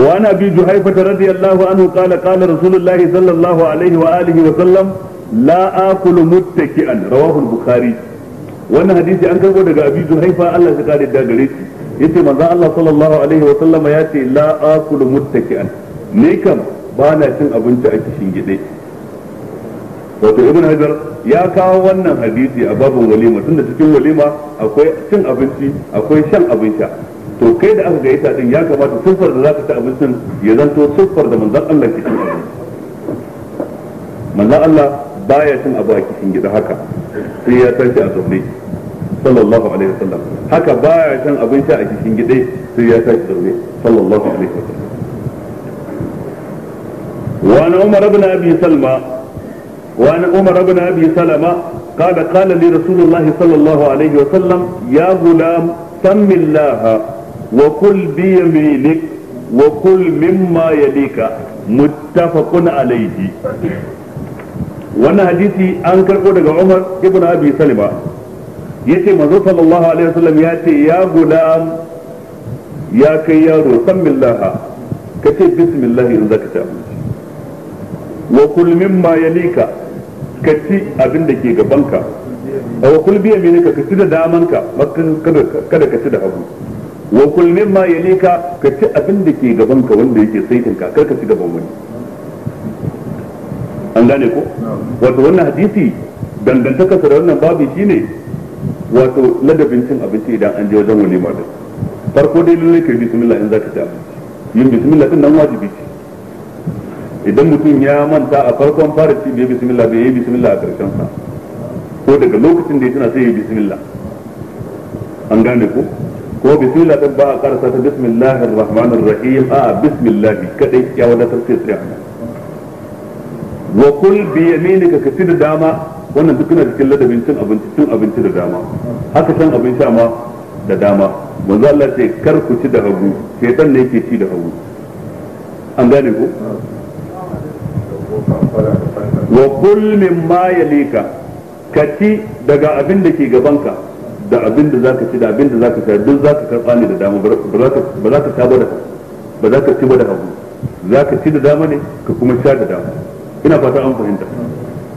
وعن ابي جحيفه رضي الله عنه قال قال رسول الله صلى الله عليه واله وسلم لا اكل متكئا رواه البخاري wannan hadisi an karbo daga abi juhaifa Allah ya kare da gare shi yace manzo Allah sallallahu alaihi wa sallama yace la akulu muttaki'an ni kam ba na cin abinci a kishin gide wato ibn hajar ya kawo wannan hadisi a babin walima tunda cikin walima akwai cin abinci akwai shan abin sha to kai da aka ita din ya kamata sufar da zaka ci abincin ya zanto sufar da manzon Allah ke cin manzon Allah baya cin abu a cikin gida haka sai ya tashi a zaune sallallahu alaihi wasallam haka baya cin abin sha a cikin gida sai ya tashi zaune sallallahu alaihi wasallam wa an umar ibn abi salma وعن عمر بن ابي سلمه قال قال لي رسول الله صلى الله عليه وسلم يا غلام سم الله وكل بيمينك وكل مما يليك متفق عليه wannan hadisi an karɓo daga Umar ibn Abi Salima yace manzo sallallahu alaihi wasallam ya ce ya gulam ya kai yaro ka kace bismillah in zakata ta wa kul mimma yalika ka ci abin da ke gabanka a wakul biya mini ka ka ci da damanka kada ka ci da hagu wakul kul mimma yalika ka ci abin da ke gabanka wanda yake saitin ka kar ka ci gaban wani an gane ko wato wannan hadisi dangantaka da wannan babu shine wato ladabin cin abinci idan an je wajen wani da farko dai ka yi bismillah in zaka ci abinci yin bismillah din nan wajibi ce idan mutum ya manta a farkon fara ci bai bismillah bai yi bismillah a karshen sa ko daga lokacin da ya tuna sai yi bismillah an gane ko ko bismillah din ba a karasa ta bismillahir rahmanir rahim a bismillah kadai ya wadatar sai tsaya wa kul bi yaminika ka ci da dama wannan duk na cikin ladabin cin abinci cin abinci da dama haka can abin sha ma da dama manzo Allah ce kar ku ci da hagu shedan ne yake ci da hagu an gane ko wa kul mimma yalika ka ci daga abin da ke gabanka da abin da zaka ci da abin da zaka ci duk zaka karba ne da dama ba za ka ba da ba za ka ci ba da hagu za ka ci da dama ne ka kuma sha da dama ina fata an fahimta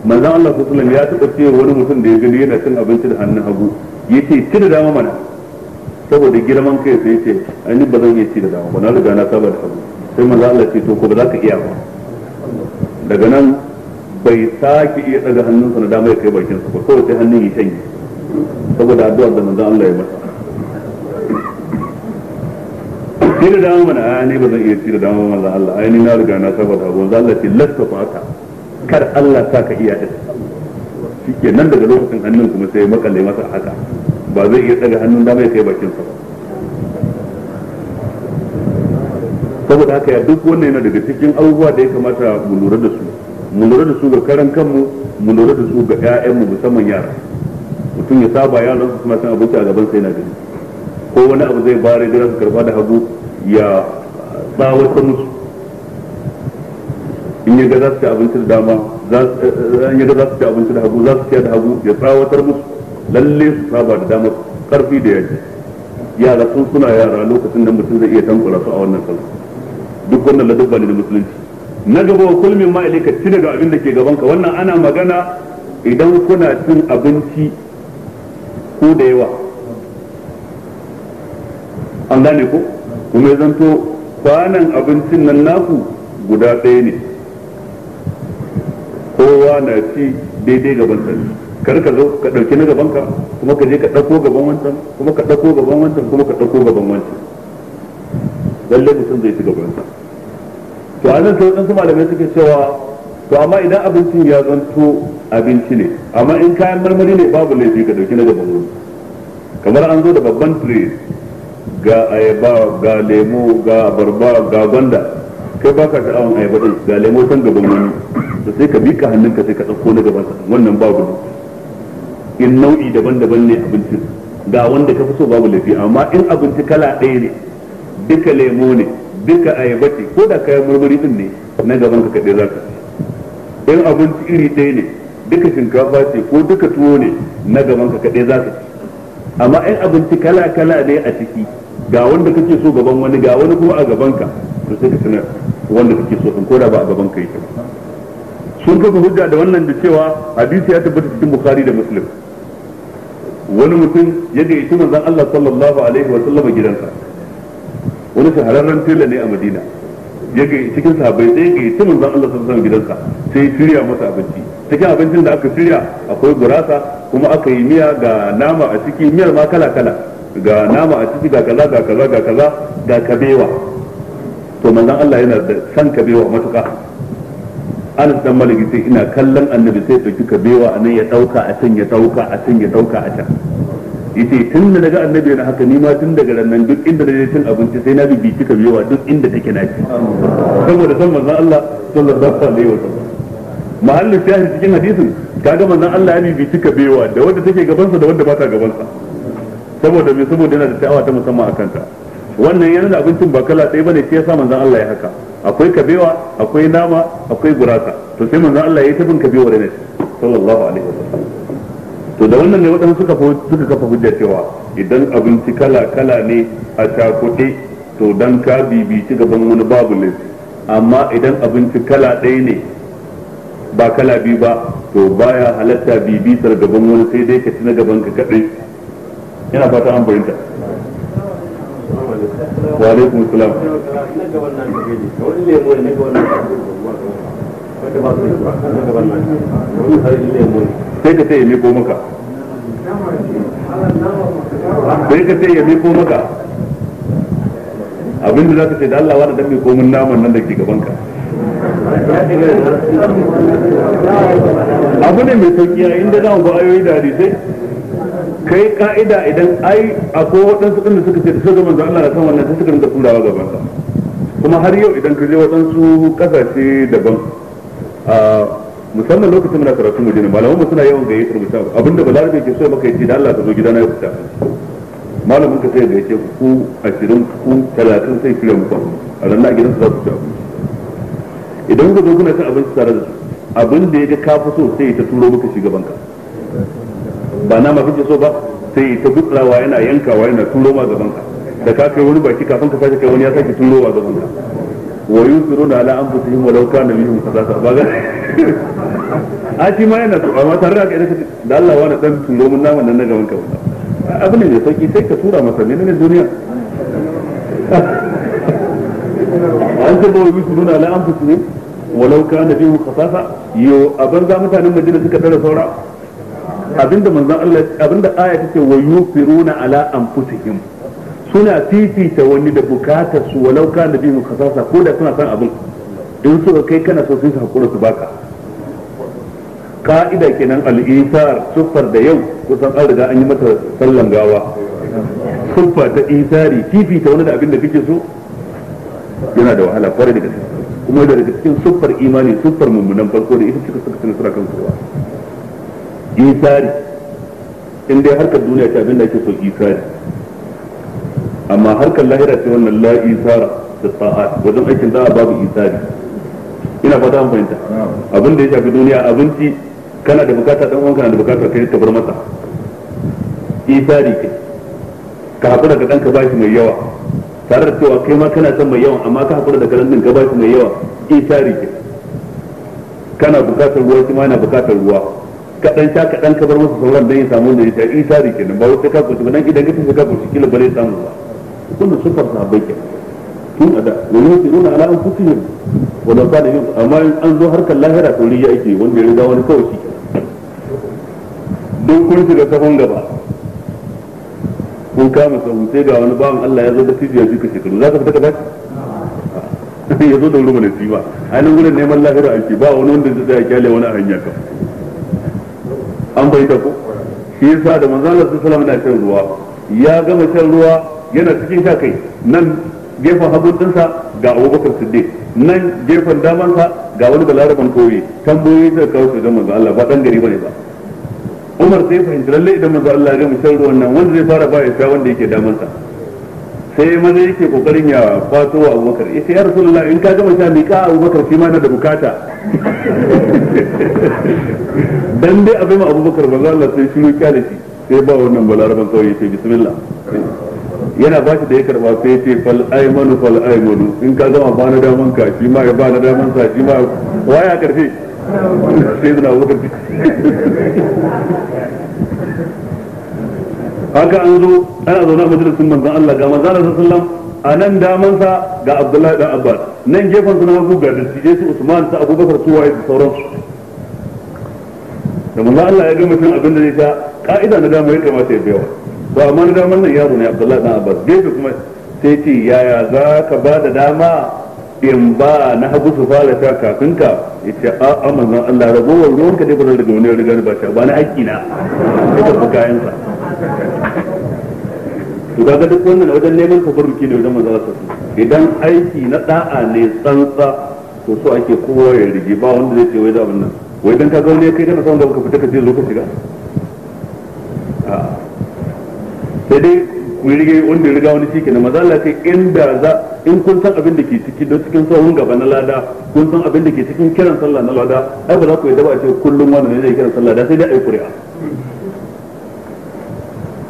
manzan Allah su ya taɓa ce wani mutum da ya gani yana cin abinci da hannun hagu ya ce ci da dama mana saboda girman kai sai ce ainihin ba zan iya ci da dama ba na riga na saba da hagu sai manzan Allah ce to ko ba za ka iya ba daga nan bai sake iya daga hannunsa na dama ya kai bakin sa ba kawai sai hannun ya shanye saboda addu'ar da manzon Allah ya masa sai da dama mana ai ne ba zan iya ci da dama manzon Allah ai ni na riga na saba da manzon Allah ce lasta ka kar Allah sa ka iya da shike nan daga lokacin hannun kuma sai makalle masa haka ba zai iya daga hannun dama ya kai bakin sa ba saboda haka ya duk wannan yana daga cikin abubuwa da ya kamata mu lura da su mu lura da su ga karan kanmu mu lura da su ga ƴaƴanmu musamman yara mutum ya saba yaran su kuma san abinci a gaban sai na gani ko wani abu zai bare da su karba da hagu ya tsawata musu in ya ga za su ci abinci da dama eh, in ya ga za su ci abinci da hagu za su ci da hagu ya tsawatar musu lalle su saba da dama karfi da yaji yara sun suna yara lokacin da mutum zai iya tankura su a wannan sallah duk wannan ladabba ne da musulunci na gaba wa kulmin ma ilaika ci daga abin da ke gaban ka wannan ana magana idan kuna cin abinci ko da yawa an gane ko kuma ya zanto kwanan abincin nan naku guda ɗaya ne kowa na ci daidai gaban sa kar ka zo ka ɗauki na gabanka kuma ka je ka ɗauko gaban wancan kuma ka ɗauko gaban wancan kuma ka ɗauko gaban wancan lalle mutum zai ci sa to a nan sai wadansu malamai suke cewa to amma idan abincin ya zanto abinci ne amma in kayan marmari ne babu laifi ka dauki na gaban wani kamar an zo da babban tire ga ayaba ga lemo ga abarba ga gwanda kai baka sha'awan ayaba din ga lemo san gaban wani to sai ka bika hannunka sai ka ɗauko na gaban wannan babu in nau'i daban-daban ne abincin ga wanda ka fi so babu laifi amma in abinci kala ɗaya ne duka lemo ne duka ayaba ce ko da kayan marmari din ne na gaban ka kaɗai za ka in abinci iri ɗaya ne duka shinkafa ce ko duka tuwo ne na gaban ka kaɗai za ka ci amma in abinci kala kala ne a ciki ga wanda kake so gaban wani ga wani kuma a gaban ka to sai ka tuna wanda kake so ko koda ba a gaban ka yake ba sun kafa hujja da wannan da cewa hadisi ya tabbata cikin bukhari da muslim wani mutum ya gayyaci manzon Allah sallallahu alaihi wa sallam gidansa wani shahararren tela ne a madina ya ga cikin sahabbai sai ga yi manzon Allah sallallahu alaihi gidansa sai shirya masa abinci cikin abincin da aka shirya akwai gurasa kuma aka yi miya ga nama a ciki miyar ma kala kala ga nama a ciki ga kaza ga kaza ga kaza ga kabewa to manzon Allah yana da san kabewa matuka Anas dan Malik sai ina kallon Annabi sai dauki kabewa anan ya dauka a can ya dauka a can ya dauka a can yace tun da daga annabi yana haka ni ma tun daga nan duk inda naje cin abinci sai na bibi kika biyowa duk inda take na ci saboda san manzon Allah sallallahu alaihi sallam mahallin shahid cikin hadisin kaga manzon Allah ya bibi kika biyowa da wanda take gaban sa da wanda ba ta gaban sa saboda me saboda yana da ta'awa ta musamman akan ta wannan yana da abincin ba kala ɗaya bane sai yasa manzon Allah ya haka akwai kabewa akwai nama akwai gurasa to sai manzon Allah ya yi tabin da ne sallallahu alaihi wa sallam to da wannan ne waɗansu suka suka kafa hujja cewa idan abinci kala kala ne a cakuɗe to dan ka bibici gaban wani babu ne amma idan abinci kala ɗaya ne ba kala biyu ba to baya halatta bibitar gaban wani sai dai ka ci na gaban ka kaɗai ina fata an fahimta wa alaikum salam sai ka ce ya miko maka sai ka ce ya miko maka da za ka ce da Allah wani dambe miko mun naman nan da ke gaban ka abu ne mai sauki a inda za mu ba ayoyi da hadisai kai ka'ida idan ai akwai waɗansu ɗin da suka ce da suka manzo Allah da kan wannan sai suka rinka turawa gaban kuma har yau idan ka je waɗansu ƙasashe daban musamman lokacin muna karatu mu dina malamu mu suna yawan gayyatar mu ta abinda balarabe ke so maka yace da Allah ka zo gidana ya fita malamin ka sai gayyace ku 20 ku 30 sai kira mu a ranar gidan su za ku ci idan ku zo kuna cin abinci tare da su abin da ya ga so sai ta turo maka banka ba na mafi so ba sai ta wa yana yankawa yana turo ma ka da ka kai wani baki kafin ka sake kai wani ya sake turo wa gabanka wa yusiruna ala anfusihim walau kana minhum sadaka ba ga a shi ma yana so amma tare ka kai da Allah wani dan turo mun naman nan na gaban ka abu ne mai sauki sai ka tura masa ne ne duniya an ce bawai bisu nuna ala anfusu ne walau ka na bihu khasasa yo a banza mutanen madina suka tara saura abinda manzon Allah abinda aya tace wa yufiruna ala anfusihim suna fifita wani da bukatar su walau ka na bihu khasasa ko da suna san abin in suka kai kana so sai su hakura su baka ka'ida kenan al-isar sufar da yau kusan an riga an yi mata sallan gawa suffa ta isari ta wani da abin da kike so yana da wahala kware da gaske kuma da daga cikin siffar imani siffar mummunan farko da ita cika suka ci nasara kan kowa isari in dai harkar duniya ce abin da ake so isari amma harkar lahira ce wannan la isara da sa'at wajen aikin za a babu isari ina fata an fahimta abin da ya shafi duniya abinci kana da bukata dan uwanka na da bukata kai ka bar masa isari ke ka hakura da danka bashi mai yawa tare da cewa kai ma kana son mai yawa amma ka haƙura da karantin ka bashi mai yawa isari ke kana bukatar ruwa shi ma yana bukatar ruwa kaɗan sha kaɗan ka bar masa sauran dan ya samu da ya sha isari ke ba wata ka kusa ba dan idan ka tafi ka kusa kila ba zai samu ba kullum sufar sahabbai ke tun a da wani yusiruna ala anfusihim wala salihun amma an zo harkar lahira to ya ake wanda ya riga wani kawai shi don kun da sahun gaba kun kama sahun sai ga wani bawan Allah ya zo da tijiya jika shekaru za ka fita ka baki ya zo da wurin manasi ba ainihin wurin neman lahira ake ba wani wanda zai tsaya kyale wani a hanya kan an bai ta ko shi yasa da manzo Allah sallallahu alaihi shan ruwa ya gama shan ruwa yana cikin sha kai nan gefen hagun dinsa ga Abubakar Siddiq nan gefen damansa ga wani balaraban koyi tamboyi da kawo su ga manzo Allah ba dan gari bane ba umar sai fahimci lalle idan manzo Allah ya gama ruwan nan wanda zai fara ba ya sha wanda yake daman sa sai maza yake kokarin ya fato wa abubakar yace ya rasulullahi in ka gama sha mi ka abubakar shi ma na da bukata dan dai abin abubakar manzo Allah sai shi da shi sai ba wannan balaraban kawai ce bismillah yana ba shi da ya karba sai ya ce fal aimanu fal aimanu in ka gama ba na daman ka shi ma ya ba na daman sa shi ma waya karfe abubakar haka an zo ana zaune a majalisun manzon Allah ga manzon Allah sallallahu a nan damansa ga Abdullahi dan Abbas nan gefen su na hagu ga dattijai su Usman su Abubakar su waye su sauransu da manzon Allah ya ga mutum abin da zai ta ka'ida na dama ya kamata ya biya to amma na damar nan yaro ne Abdullahi dan Abbas gefe kuma sai ce yaya za ka ba da dama in ba na hagu su fara sha kafin ka yace a a manzon Allah ragowar ruwan ka dai ba zan daga wani rigar ba shi ba na aiki na ya tafi kayan sa to kaga duk wannan wajen neman tabarruki ne wajen manzon su idan aiki na da'a ne tsantsa to so ake kowa ya rige ba wanda zai ce wai zaɓin wannan wai dan ka ga wani kai kana son da ka fita ka je zo ka sai dai ku rige wanda ya riga wani shi kenan manzon Allah kai inda za in kun san abin da ke ciki don cikin sahun gaba na lada kun san abin da ke cikin kiran sallah na lada ai ba za ku yi daba ce kullum wani ne zai kiran sallah da sai dai a yi kuri'a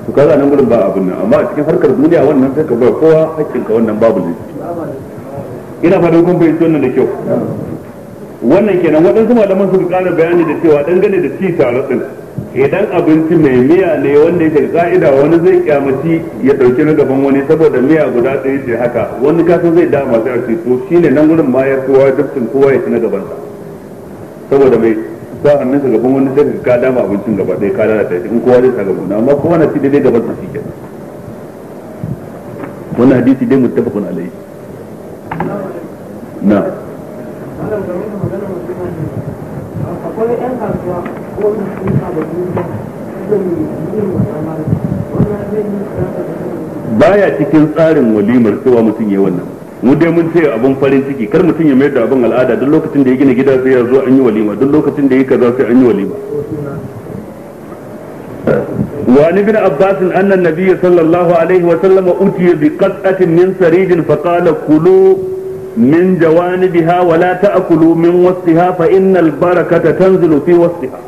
to kaga nan gurin ba abin nan amma a cikin harkar duniya wannan sai ka ba kowa hakkin ka wannan babu ne ina fa da kun bayyana da kyau wannan kenan waɗansu malaman sun ƙara bayani da cewa dangane da ci taro din idan abinci mai miya ne wanda yake ka'ida wani zai kyamaci ya ɗauki na gaban wani saboda miya guda ɗaya ce haka wani kasan zai da masu yarci to shi ne nan wurin ma ya kowa dukkan kowa ya ci na gaban ta saboda mai sa hannun sa gaban wani zai ka dama abincin gaba ɗaya ka da ɗaya in kowa zai sa gaban amma kowa na ci daidai gabansa shi kenan wannan hadisi dai muttafaqun alayi na baya cikin tsarin walimar cewa mutum ya wannan mu dai mun ce abun farin ciki kar mutum ya mayar da abun al'ada duk lokacin da ya gina gida sai ya zo an yi walima duk lokacin da ya kaza sai an yi walima wa ni bin abbas anna nabiy sallallahu alaihi wa sallam utiya bi qat'atin min sarijin fa qala kulu من جوانبها ولا تأكلوا من وسطها فإن البركة تنزل في وسطها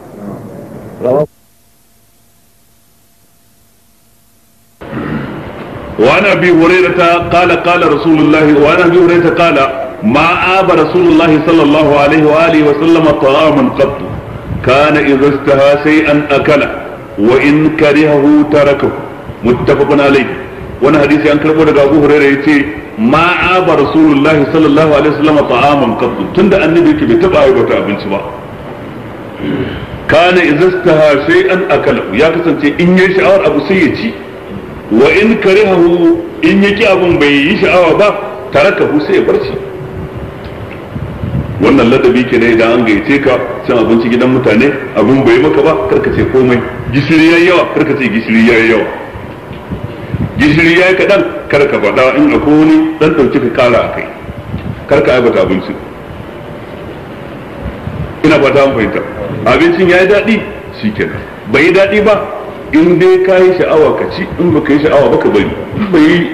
وعن ابي هريره قال قال رسول الله وعن ابي هريره قال ما اب رسول الله صلى الله عليه واله وسلم طعاما قط كان اذا اشتهى شيئا اكله وان كرهه تركه متفق عليه وأنا حديثي أنكر أبو هريرة يتي ma aba rasulullahi sallallahu alaihi wasallam ta'aman qabdu tunda annabi yake bai taba aiwata abinci ba kana sai an akala ya kasance in yayi sha'awar abu sai ya ci wa in karihahu in yaki abun bai yi sha'awa ba tarakahu sai ya barci. wannan ladabi ke ne idan an gayyace ka cin abinci gidan mutane abun bai maka ba karka ce komai gishiri yayi yawa karka ce gishiri yayi yawa gishiri ya yi kaɗan kar ka faɗa in a wani ɗan ɗauki ka ƙara a kai kar ka aibata abinci ina fata an fahimta abincin ya yi daɗi shi kenan bai yi daɗi ba in dai ka yi sha'awa ka ci in baka yi sha'awa ba ka bari in bai yi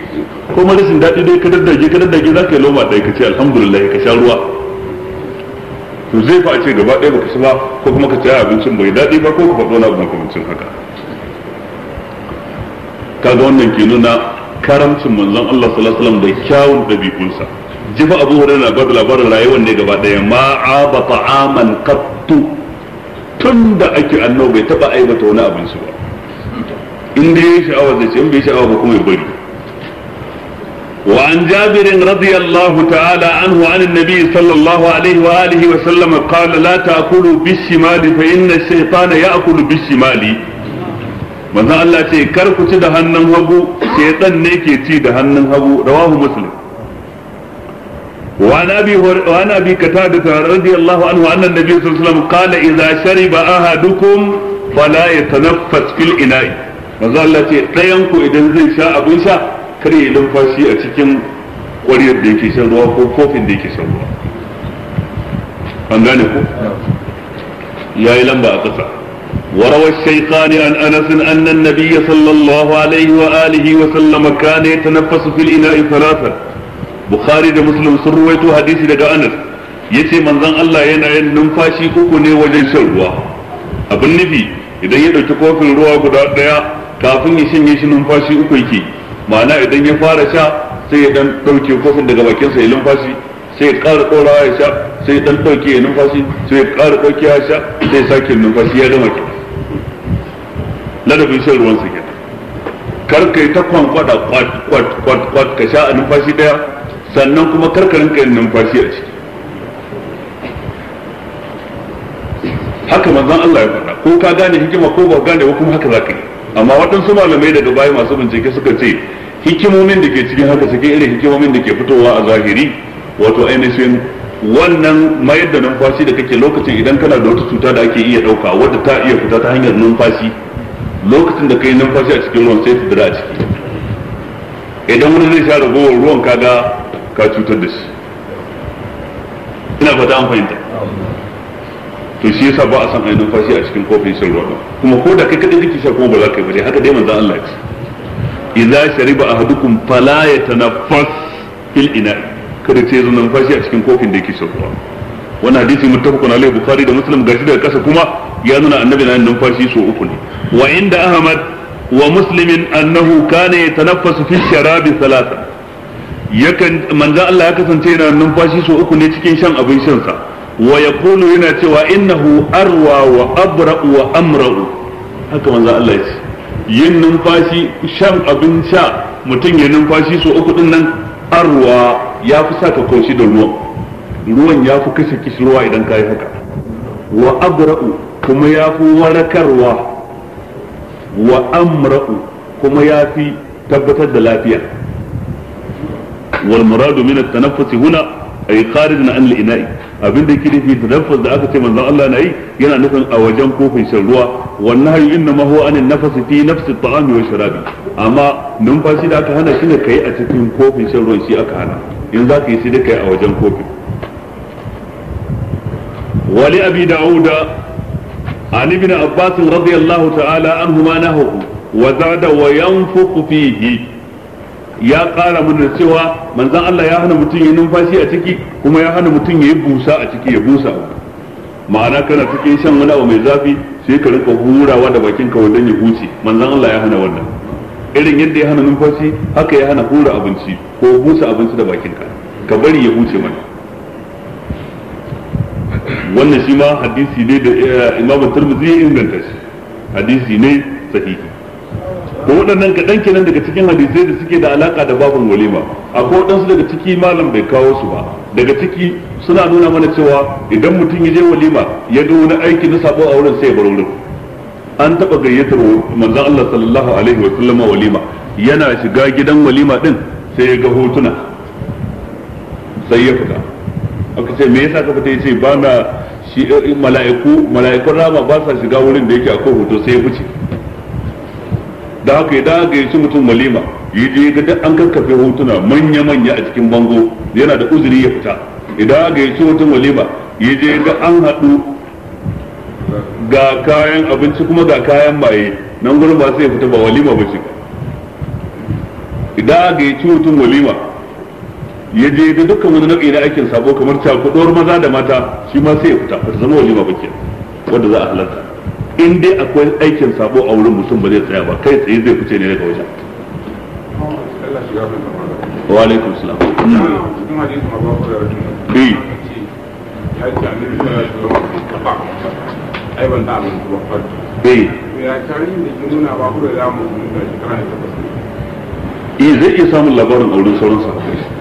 ko rashin daɗi dai ka daddage ka daddage za ka yi loma ɗaya ka ce alhamdulillah ka sha ruwa to zai fa a ce gaba ɗaya baka ci ba ko kuma ka ci abincin bai daɗi ba ko ka faɗo na makamancin haka kaga wannan ke nuna karamcin manzon Allah sallallahu alaihi wasallam da kyawun dabi'unsa jifa Abu Hurairah ba da labarin rayuwar ne gaba daya ma aba ta'aman qattu tunda ake annabi bai taba aibata wani abinci ba in dai ya sha'awa zai ce in bai sha'awa ba kuma ya bari وعن جابر رضي الله تعالى عنه عن النبي صلى الله عليه وآله وسلم قال لا تأكلوا بالشمال فإن الشيطان يأكل بالشمال manzon Allah ce kar ku ci da hannun hagu shedan ne ke ci da hannun hagu rawahu muslim وعن ابي وعن ابي قتاده رضي الله عنه ان النبي صلى الله عليه وسلم قال اذا شرب احدكم فلا يتنفس في الاناء manzo Allah ce ɗayan ku idan zai sha abin sha kare ya lumfashi a cikin ƙwariyar da yake shan ruwa ko kofin da yake shan ruwa an gane ku ya yi lamba a ƙasa وروى الشيخان عن انس ان النبي صلى الله عليه واله وسلم كان يتنفس في الاناء ثلاثا بخاري ده مسلم سر رويته حديث ده انس يتي من ظن الله ينا ين نمفاشي كوكو ني وجن شروا ابو النبي اذا يدوك كوفي الروا قد ادايا كافن يشن يشن نمفاشي كوكو يكي معنى اذا يفار شا سيدن توكي كوفن ده غبكين سيدن نمفاشي sai ƙara ƙora ya sha sai ɗan ɗauke ya numfashi sai ƙara ɗauke ya sha sai sake numfashi ya gama kenan ladabin shan ruwan sa kenan kar kai ta kwankwada kwat kwat kwat kwat ka sha a numfashi daya sannan kuma kar ka rinka yin numfashi a ciki haka manzon Allah ya faɗa ko ka gane hikima ko ba gane ba kuma haka za ka yi amma waɗansu malamai daga baya masu bincike suka ce hikimomin da ke cikin haka suke irin hikimomin da ke fitowa a zahiri wato ainihin wannan mayar da numfashi da kake lokacin idan kana da wata cuta da ake iya ɗauka wadda ta iya fita ta hanyar numfashi lokacin da kai numfashi a cikin ruwan sai ta a ciki idan wani zai sha ragowar ruwan kaga ka cutar da shi ina fata an fahimta to shi yasa ba a san ayi numfashi a cikin kofin shan ruwa kuma ko da kai kadai kake sha kuma ba za ka yi ba haka dai manzo Allah ya ce idza shariba ahadukum fala yatanaffas fil ina kada ce zan numfashi a cikin kofin da yake shan ruwa wannan hadisi muttafaqun alaihi bukhari da muslim gashi daga kasa kuma ya nuna annabi na numfashi so uku ne wa inda ahmad wa muslimin annahu kana yatanaffasu fi sharabi salasa yakan manzo Allah ya kasance yana numfashi so uku ne cikin shan abin shan sa wa yaqulu yana cewa innahu arwa wa abra'u wa amra'u haka manzo Allah ya ce yin numfashi shan abin sha mutum ya numfashi so uku din nan arwa ya fi saka koshi da ruwan ruwan ya fi kashe kishirwa idan ka yi haka wa abra'u kuma ya fi warakarwa wa amra'u kuma ya fi tabbatar da lafiya wal muradu min at-tanaffus huna ay kharijan an al-ina'i abin da yake nufi tanaffus da aka ce manzon Allah na yi yana nufin a wajen kofin shan ruwa wannan hayu inna ma huwa anin nafasi fi nafsi ta'ami wa sharabi amma numfashi da aka hana shi ne kai a cikin kofin shan ruwan shi aka hana in za ka yi shi da kai a wajen kofin wali abi da'uda عن ابن عباس رضي الله تعالى عنهما نهه وزاد وينفق فيه ya ƙara mana cewa manzan Allah ya hana mutum ya numfashi a ciki kuma ya hana mutum ya yi busa a ciki ya busa ma'ana kana cikin shan wani abu mai zafi sai ka rinka hurawa da bakin ka wajen ya huce manzan Allah ya hana wannan irin yadda ya hana numfashi haka ya hana hura abinci ko busa abinci da bakin ka ka bari ya huce mana wannan shi ma hadisi ne da eh, imamu turmuzi ya inganta shi hadisi ne sahihi ko waɗannan kaɗan kenan daga cikin hadisai da suke da alaƙa da babun walima akwai waɗansu daga ciki malam bai kawo su ba daga ciki suna nuna mana cewa idan mutum ya je walima ya ga wani aiki na sabo a wurin sai ya bar wurin an taɓa gayyatar manzon Allah sallallahu alaihi wa sallam walima yana shiga gidan walima din sai ya ga hotuna sai ya fita aka ce me yasa ka fita yace ba na shi eh, mala'iku mala'ikun rama ba sa shiga wurin da yake kan hoto sai ya fice da haka idan aka yi mutum walima yi je ga duk an kakkafe hotuna manya-manya a cikin bango yana da uzuri ya fita idan aka yi mutum walima yi je ga an haɗu ga kayan abinci kuma ga kayan maye nan gurin ba sai ya fita ba walima ba shi idan aka yi mutum walima ya je da dukkan wani nau'i na aikin sabo kamar cakuɗuwar maza da mata shi ma sai ya fita ba ta zama waje ba bakin wanda za a halarta in dai akwai aikin sabo a wurin mutum ba zai tsaya ba kai tsaye zai fice ne daga wajen wa alaikum salam hmm. bi bi ya eh, zai iya samun labarin sauran sauransa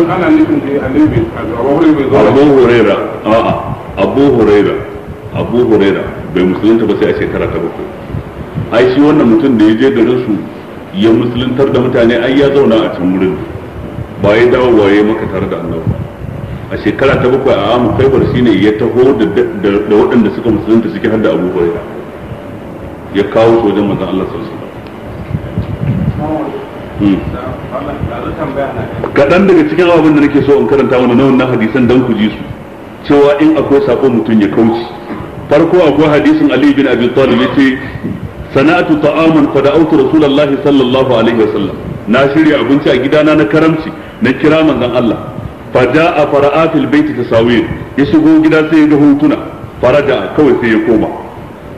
in ana nufin da annabi abu huraira a'a abu huraira abu huraira bai musulunta ba sai a shekara ta bakwai ai shi wannan mutum da ya je garin su ya musuluntar da mutane ai ya zauna a can wurin ba ya dawo wa ya maka tare da annabi a shekara ta bakwai a amu kaibar ne ya taho da waɗanda suka musulunta suke har da abu huraira ya kawo sojan wajen Allah sosai. kaɗan daga cikin abin da nake so in karanta mana na wannan hadisan dan ku ji su cewa in akwai sako mutum ya kauce farko akwai hadisin ali bin abi talib yace sana'atu ta'amun fa da'awtu rasulullahi sallallahu alaihi wasallam na shirya abinci a gidana na karamci na kira manzon Allah fa ja'a fara'atil baiti tasawir ya shigo gida sai ya ga hutuna faraja kawai sai ya koma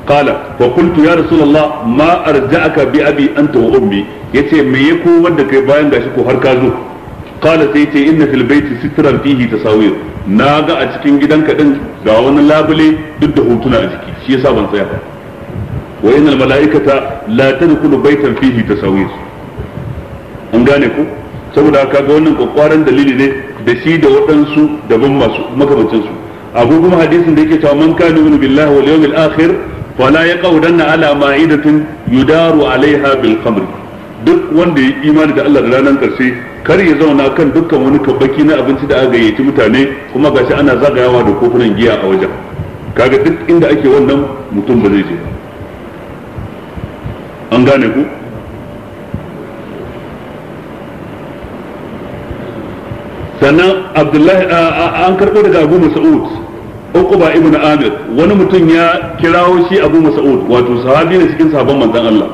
qala wa ya rasulullah ma'arja aka bi abi anta wa ummi yace me ya ko wanda kai bayan gashi ko har ka zo qala sai yace inna fil baiti sitran fihi tasawir na ga a cikin gidan din ga wani labule duk da hotuna a ciki shi yasa ban tsaya ba wa innal malaikata la tadkhulu baitan fihi tasawir an gane ko saboda haka ga wannan kwakwaran dalili ne da shi da waɗansu daban masu makamancin su abu kuma hadisin da yake cewa man kana yu'minu billahi wal yawmil akhir Fala ya qaudanna ala ma'idatin yudaru alaiha bil khamr duk wanda ya imani da Allah da ranar karshe kar ya zauna kan dukkan wani kabbaki na abinci da aka gayyaci mutane kuma gashi ana zagayawa da kofunan giya a wajen kaga duk inda ake wannan mutum ba zai je an gane ku sannan abdullahi an karɓo daga abu mas'ud uquba ibn amir wani mutum ya kirawo shi abu mas'ud wato sahabi ne cikin sahabban manzon Allah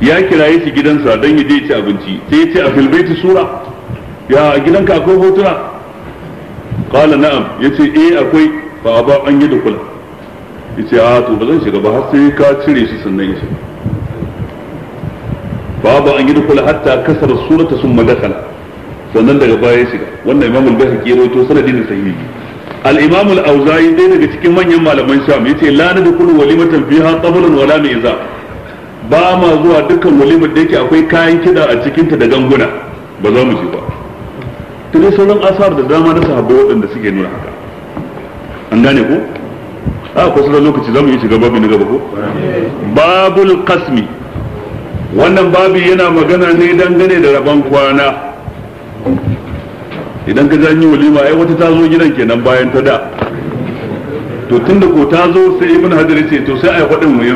ya kiraye shi gidansa dan ya je ci abinci sai ya ce a fil baiti sura ya gidanka akwai hotuna qala na'am yace eh akwai fa aba an yi dukula yace a ah, to ba zan shiga ba har sai ka cire shi sannan ya shiga fa aba an yi dukula hatta kasara surata summa dakala sannan daga baya ya shiga wannan imamul bayhaqi ya rawaito sanadin sahihi الامام الاوزاعي دين دي daga cikin manyan malaman sham yace la nadkhulu walimatan fiha qablan wala miza ba ma zuwa dukkan walimar da yake akwai kayan kida a cikin ta da ganguna ba za mu ci ba to dai sauran asar da dama na sahabbai waɗanda suke nuna haka an gane ko a ko sai lokaci za mu yi shiga babu ni gaba ko babul qasmi wannan babu yana magana ne dangane da rabon kwana idan ka zanyi walima ai wata ta zo gidan kenan bayan ta da to tunda ko ta zo sai ibn hajar ce to sai ai faɗin mu